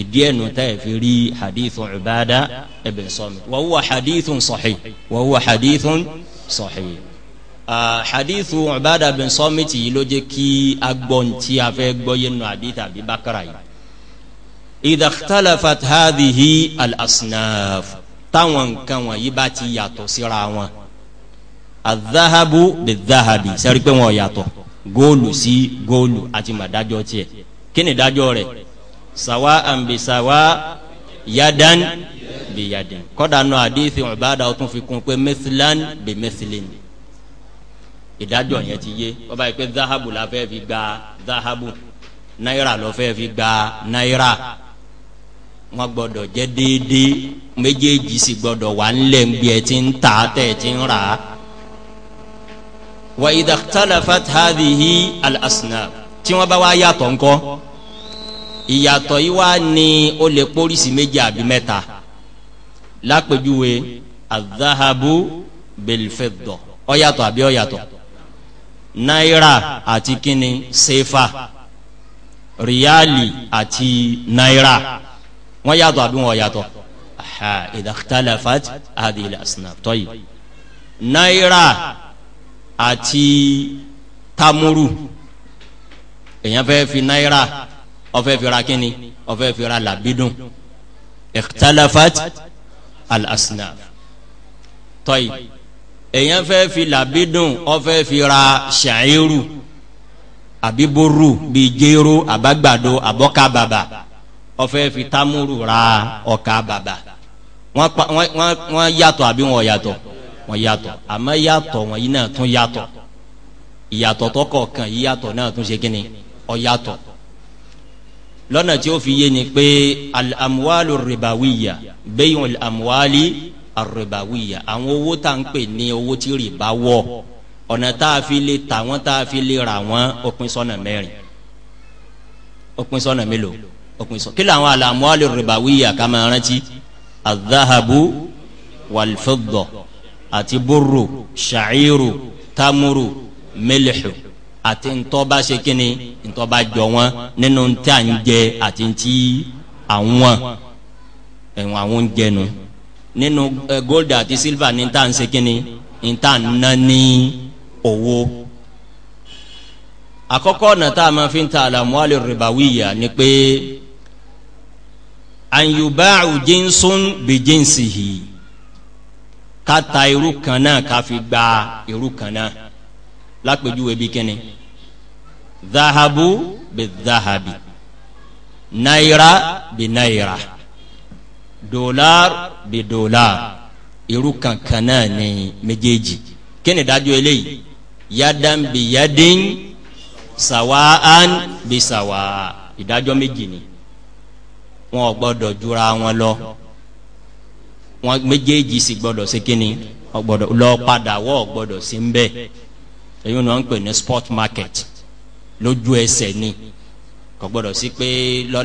ìdí ẹnu tá ẹ fi rí hadithu Ubadah ibn Samit wa huwa hadithun sahih wa sahih hadithu Ubadah bin Samit yìí ló jẹ́ kí agbọ̀ntì afẹ́ gbọ́yé nù hadith Abi Bakra yìí idha ikhtalafat hadhihi al-asnaf táwọn nǹkan wọ̀nyí bá ti yàtọ̀ síra wọn azahabu bizahabi sẹ́rí pé wọn ò yàtọ̀ góòlù sí góòlù àti màdájọ́ tiẹ̀ kí ni dájọ́ sawa an sawa yadan biyadin kọ́dà nù àdìsí ọ̀bàdà ọ̀tún fi kún pé mẹ́sìlán bẹ mẹ́sìlán ìdájọ́ yẹn ti yé wọ́n báyìí pé zahabu la fẹ́ fi gba zahabu náírà lọ fẹ́ fi gba náírà wọ́n gbọ́dọ̀ jẹ́ déédéé méjèèjì sì gbọ́dọ̀ wà ńlẹ̀ ńgbẹ́ ẹ̀ ti ń ta tẹ̀ ẹ̀ ti ń rà á. wa idha ikhtalafat hadhihi al tí wọ́n bá wá yàtọ̀ ńkọ́ ìyàtọ̀ yìí wá ní ó lè méjì àbí mẹ́ta lápèjúwe azahabu belfedo ọyàtọ̀ àbí ọyàtọ̀ náírà àti kíni sefa ríálì àti náírà wọ́n yàtọ̀ àbí wọ́n yàtọ̀ ìdàkítàlẹ̀fàt àdìlẹ̀ àsìnàtọ́yì náírà àti tamuru èèyàn fẹ́ fi náírà ó fẹ́ fi ra kíni ó fẹ́ fi ra làbídùn ìdàkítàlẹ̀fàt al-asnaf tọ́yì èèyàn fẹ́ fi làbídùn ó fẹ́ fi ra ṣàìrù àbíborù bíi jéró àbágbàdo àbọ́ká bàbà ó fẹ́ fi támúrù ra ọkà bàbà wọ́n yàtọ̀ àbí wọn yàtọ̀ wọn yàtọ̀ àmọ́ yàtọ̀ wọn yìí náà tún yàtọ̀ ìyàtọ̀ tọkọ̀ kan yìí yàtọ̀ náà tún ṣe kínni ó yàtọ̀ lọ́nà tí ó fi yé ni pé al-amwalu ribawiya bẹ́yìn al-amwali ar-ribawiya àwọn owó tá à ń pè ní owó tí rìbá wọ̀ ọ̀nà tá a fi lè tà wọ́n tá a fi lè rà wọ́n ó sọ́nà mẹ́rin ó sọ́nà mélòó ó sọ́nà kí làwọn al ribawiya ká máa rántí al-dhahabu àti burru sha'iru tamuru milhu àti ntọ́ba ṣe kínni ntọ́ba jọ wọn nínú ntí à ń jẹ àti ntí àwọn ẹ̀wọ̀n àwọn ń jẹnu nínú gold àti silver ní ntá ń ṣe kínni ntá ń ná ní owó. àkọ́kọ́ ọ̀nà tá a máa fi ń ta àlàmúhàlì rìbáwíyà ni pé anyubáàù jínsún bí jínsìhì ká ta irú kan náà ká fi gba irú kan náà lápèjúwe bí kínni dhahabu bi dhahabi naira bi naira dolar bi dolar irú kankan náà ni méjèèjì kí ni dájú eléyìí yadan bi yadin sawaan bi sawa ìdájọ́ méjì ni wọn ò gbọ́dọ̀ jura wọn lọ wọn méjèèjì sì gbọ́dọ̀ ṣe kínní wọn gbọ́dọ̀ lọ padà wọ gbọ́dọ̀ sí ń bẹ wọn ń pè ní market lójú ẹsẹ̀ ni kò gbọdọ̀ sí pé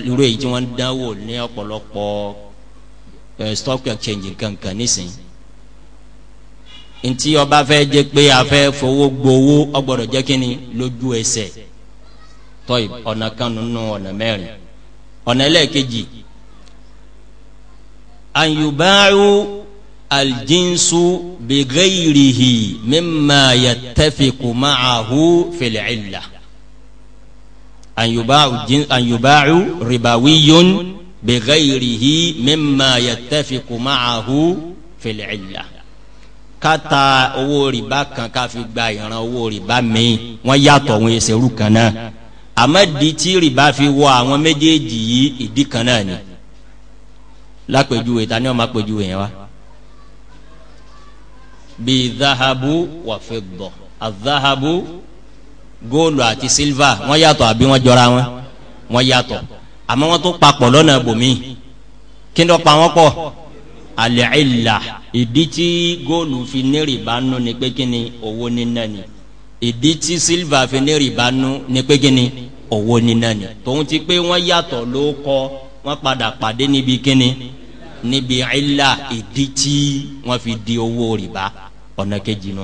irú èyí tí wọ́n ń dánwò ní ọ̀pọ̀lọpọ̀ stock exchange kankan nísìnyí ntí ọba fẹ́ jẹ́ pé a fẹ́ fowó gbowó ó gbọ́dọ̀ jẹ́ kí ni lójú ẹsẹ̀ tọyì ọ̀nà kan nínú ọ̀nà mẹ́rin ọ̀nà ẹlẹ́ẹ̀kejì an aljinsu bighayrihi mimma yattafiqu ma'ahu anyubaacu ribawiyun bighayrihi mimma yattafiqu ma'ahu fil illa ká ta owó rìbá kan ká fi gba ìran owó rìbá míì wọ́n yàtọ̀ wọn ẹsẹ̀ rú kan náà àmọ́ di tí rìbá fi wọ àwọn méjèèjì yìí ìdí kan náà ni lápèjúwe ta ni wọ́n máa pèjúwe yẹn wa bíi zahabu wa fidda azahabu góòlù àti sílvà wọ́n yàtọ̀ àbí wọ́n jọra wọn wọ́n yàtọ̀ àmọ́ wọ́n tó papọ̀ lọ́nà bòmí kí ni wọ́n pa wọ́n pọ̀ àlẹ́ ìlà ìdí tí góòlù fi ní rìbá nú ni pé kí ni owó níná ni ìdí tí sílvà fi ní rìbá nú ni pé kí ni owó níná ni tòun ti pé wọ́n yàtọ̀ ló kọ́ wọ́n padà pàdé níbi kí ni níbi ìlà ìdí tí wọ́n fi di owó rìbá ọ̀nà kejì nu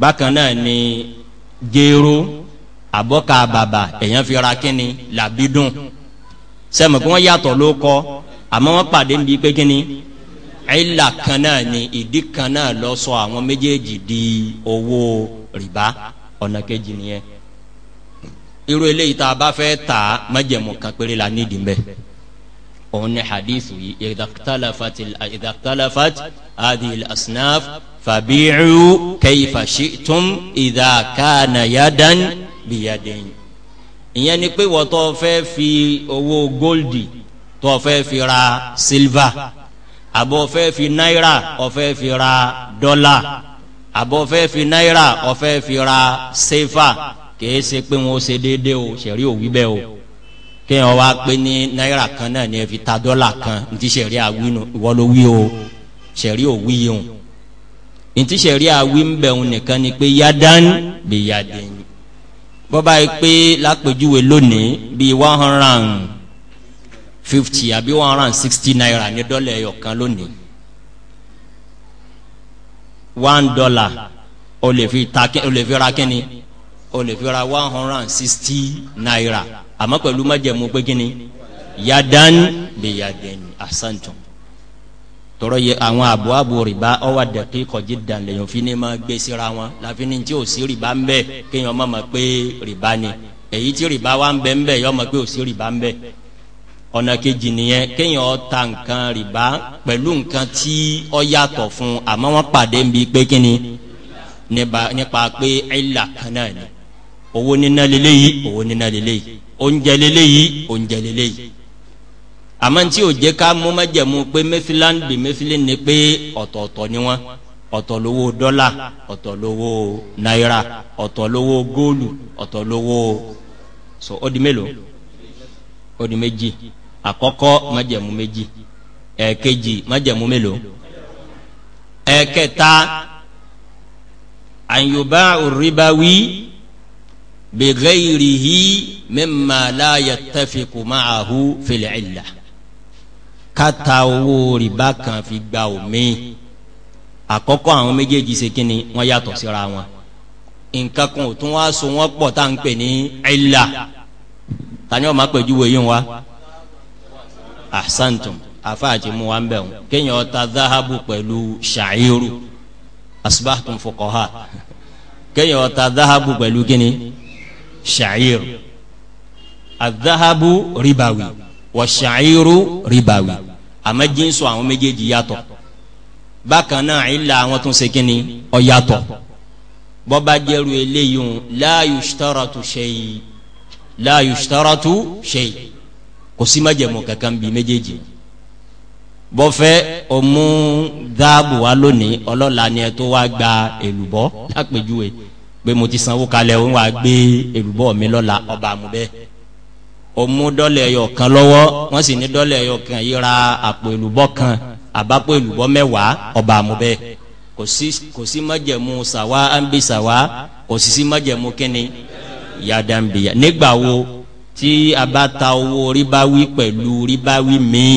bákan náà ni jèrò àbọ́ka Baba, èèyàn fi ra kínni làbídùn sẹ́mi kí wọ́n yàtọ̀ ló kọ́ àmọ́ wọ́n pàdé níbi pé kínni ìlà kan náà ni ìdí kan náà lọ sọ àwọn méjèèjì di owó riba, ọ̀nà kejì nìyẹn irú eléyìí tá a bá fẹ́ ta májẹ̀mú kan péré la nídìí mbẹ́ òun ni hadith yìí idha ikhtalafat hadhihi asnaf fàbíìrù kayfa shi'tum idha kana yadan biyadayn ìyẹn ni pé wọ́n tó fẹ́ fi owó góòlì tó fẹ́ fi ra sílvà àbọ̀ fẹ́ fi náírà ó fẹ́ fi ra dọ́là àbọ̀ fẹ́ fi náírà ó fẹ́ fi ra sẹ́fà kìí ṣe pé wọn ó ṣe déédé o ṣẹ̀rí òwí bẹ́ẹ̀ o kéèyàn wá pé ní náírà kan náà ni ẹ fi ta dọ́là kan ní ti ṣẹ̀rí àwínú ìwọ o ṣẹ̀rí òwí yìí o ìtísẹ̀rí àwí ń bẹ̀rùn nìkan ni pé yadan bí yadan bọ́bá yìí pé lápèjúwe lónìí bíi one hundred and fifty àbí one hundred and sixty naira ní dọ́là ẹyọ kan lónìí one dollar o lè fi ta o lè fi ra kíni o lè fi ra one hundred and sixty naira àmọ́ pẹ̀lú májẹ̀mú pé kíni yadan bí yadan asantum tọrọ yẹ àwọn àbò àbò rìbá ọwà dẹkí kọjí dàn lèyàn fi ni ma gbé síra wọn láfin ni o sí rìbá ń bẹ kéèyàn ma pé rìbá ni èyí tí rìbá wa ń bẹ ń bẹ yọ ma pé o sí rìbá ń bẹ ọ̀nà kejì nìyẹn kéèyàn ta nǹkan rìbá pẹ̀lú nǹkan tí ọ yàtọ̀ fún àmọ́ wọn pàdé ń bi pé kí nípa pé ẹ̀là kan náà ni owó níná lélẹ́yìí owó níná lélẹ́yìí oúnjẹ lélẹ́yìí oúnjẹ lélẹ́yìí àmọ́ tí ò jẹ́ ká mú mẹ́jẹ̀mú pé mẹ́fílán bí mẹ́fílẹ̀ ni pé ọ̀tọ̀ọ̀tọ̀ ni wọ́n ọ̀tọ̀ lówó dọ́là ọ̀tọ̀ lówó náírà ọ̀tọ̀ lówó góòlù ọ̀tọ̀ lówó so ó di mélòó ó di méjì àkọ́kọ́ mẹ́jẹ̀mú méjì ẹ̀ẹ̀kejì mẹ́jẹ̀mú mélòó ẹ̀ẹ̀kẹta àyùbá òrìbáwí bẹ̀gẹ́ ìrìhí la yattafiqu ma'ahu fil 'illa kata owó rìbá kan fi gba òmíì àkọ́kọ́ àwọn méjèèjì ṣe kí ni wọ́n yàtọ̀ síra wọn nǹkan kan ò tún wá so wọ́n pọ̀ tá à ń pè ní ẹ̀là tani ọ̀ma pẹ̀jú wo yín wa ahsantum afa àti mu wa ń bẹ̀ wọn kéèyàn ta zahabu pẹ̀lú ṣàìrù asibahtum fuqaha kéèyàn ta zahabu pẹ̀lú kíni ṣàìrù azahabu ribawi wa ṣàìrù ribawi àmọ́ jínsù àwọn méjèèjì yàtọ̀ bákan náà ìlà àwọn tó ń ṣe kínní ọ yàtọ̀ bọ́ba jẹ́rú eléyìí la yushtaratu shay la yushtaratu shay kò sí májẹ̀mú kankan bíi méjèèjì bọ́fẹ́ ọmú dáàbò wa lónìí ọlọ́la ni ẹ tó wá gba èlùbọ́ lápèjúwe pé mo ti sanwó kalẹ̀ òun wá gbé èlùbọ́ mi lọ́la ọba àmúbẹ́ òmu dọ́lẹ̀ ẹyọ kan lọ́wọ́ wọ́n sì ní dọ́lẹ̀ ẹyọ kan yìí ra àpò èlùbọ́ kan àbápò èlùbọ́ mẹ́wàá ọba àmúbẹ́ kò sí kò sí májẹ̀mú sàwa àǹbí sàwa kò sì sí májẹ̀mú kínní yàdàǹbìyà nígbà wo tí a bá ta owó ribáwí pẹ̀lú ribáwí míì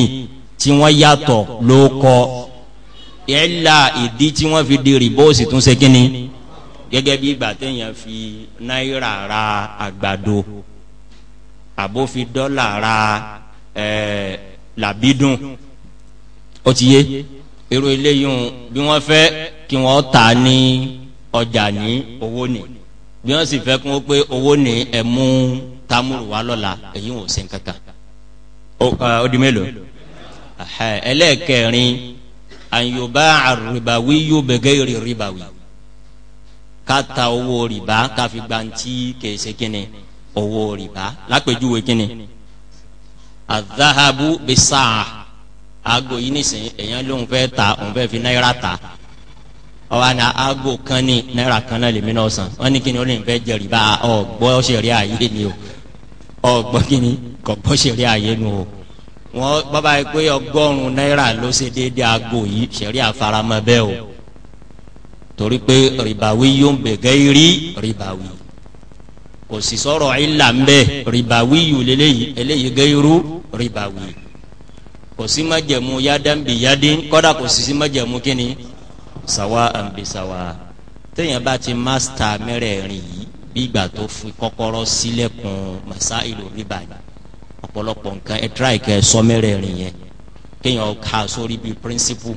tí wọ́n yàtọ̀ ló kọ́ yẹ́là ìdí tí wọ́n fi di rìbọ́ọ̀sì tún ṣe kínní gẹ́gẹ́ bí ìgbà téèyàn fi náírà ra àgbàdo àbó fi dọ́là ra ẹ̀ẹ́ làbídùn ó ti yé irú eléyìí bí wọ́n fẹ́ kí wọ́n ta ní ọjà ní owó ni bí wọ́n sì fẹ́ kí wọ́n pé owó ni ẹ̀ mú tamuru wa lọ́la èyí wọn ò ṣe nǹkan kan ó di mélòó ẹlẹ́ẹ̀kẹrin àyùbá àrìbáwí yóò bẹ̀gẹ́ ìrì ta owó rìbá ká fi gbanti kèsè kínní owó rìbá lápèjúwe kínni azahabu bisaa aago yìí nìsín èèyàn lóun fẹ́ ta òun fẹ́ fi náírà ta ọwọ àná aago kan ní náírà kan náà lèmi náà san wọn ní kí ni ó fẹ́ jẹ rìbá ọgbọ sẹrí ààyè ni o ọgbọ kí ni kọgbọ sẹrí ààyè nu o wọn bàbá yìí pé ọgọ́rùn náírà ló ṣe déédéé aago yìí sẹrí àfaramọ́ bẹ́ẹ̀ o torí pé rìbáwí yóò bẹ̀gẹ́ rí rìbáwí kò sì sọ̀rọ̀ ìlà ń bẹ ribawi yìí lélẹ́yìí eléyìí gẹ́rú rìbáwí kò sí májẹ̀mú yádàmbì yádín kọ́dà kò sì sí májẹ̀mú kínní sàwa àǹbì sàwa téèyàn bá ti mástà mẹ́rẹ̀ẹ̀rin yìí bí ìgbà tó fi kọ́kọ́rọ́ sílẹ̀kùn màsá ìlú rìbá ọ̀pọ̀lọpọ̀ nǹkan ẹ̀ tíráì kẹ́ sọ mẹ́rẹ̀ẹ̀rin yẹn kéèyàn kà sórí bíi píríncípù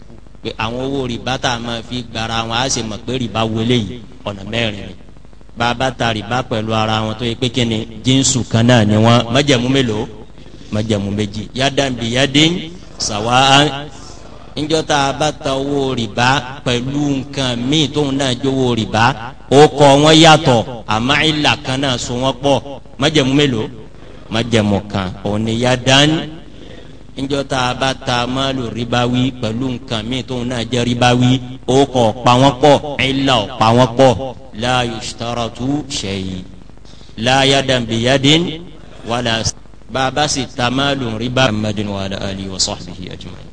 pé àwọn owó rìbá tá a máa fi gbara wọn á pé rìbá wọlé yìí ọ̀nà mẹ́rin ni bàbá tari rìbá pẹ̀lú ara wọn tó yẹ pé kíni jínsù kan náà ni wọn májẹ̀mú mélòó májẹ̀mú méjì yádàbí yádé sàwá níjọ́ tá a bá ta owó rìbá pẹ̀lú nǹkan míì tóun náà jó owó rìbá ó kọ wọn yàtọ̀ àmọ́ ìlà kan náà so wọn pọ̀ májẹ̀mú mélòó májẹ̀mú kan òun ni yádàbí njọ tá a bá ta máàlù ribawi pẹ̀lú nǹkan mi tó ń náà jẹ́ ribawi ó kọ̀ pa wọ́n pọ̀ ẹ̀la ọ̀ pa wọ́n pọ̀ la yushtaratu shay'i la yadan biyadin wala bàbá sì ta máàlù ribawi. muhammadin wa ala wa sahbihi ajma'in.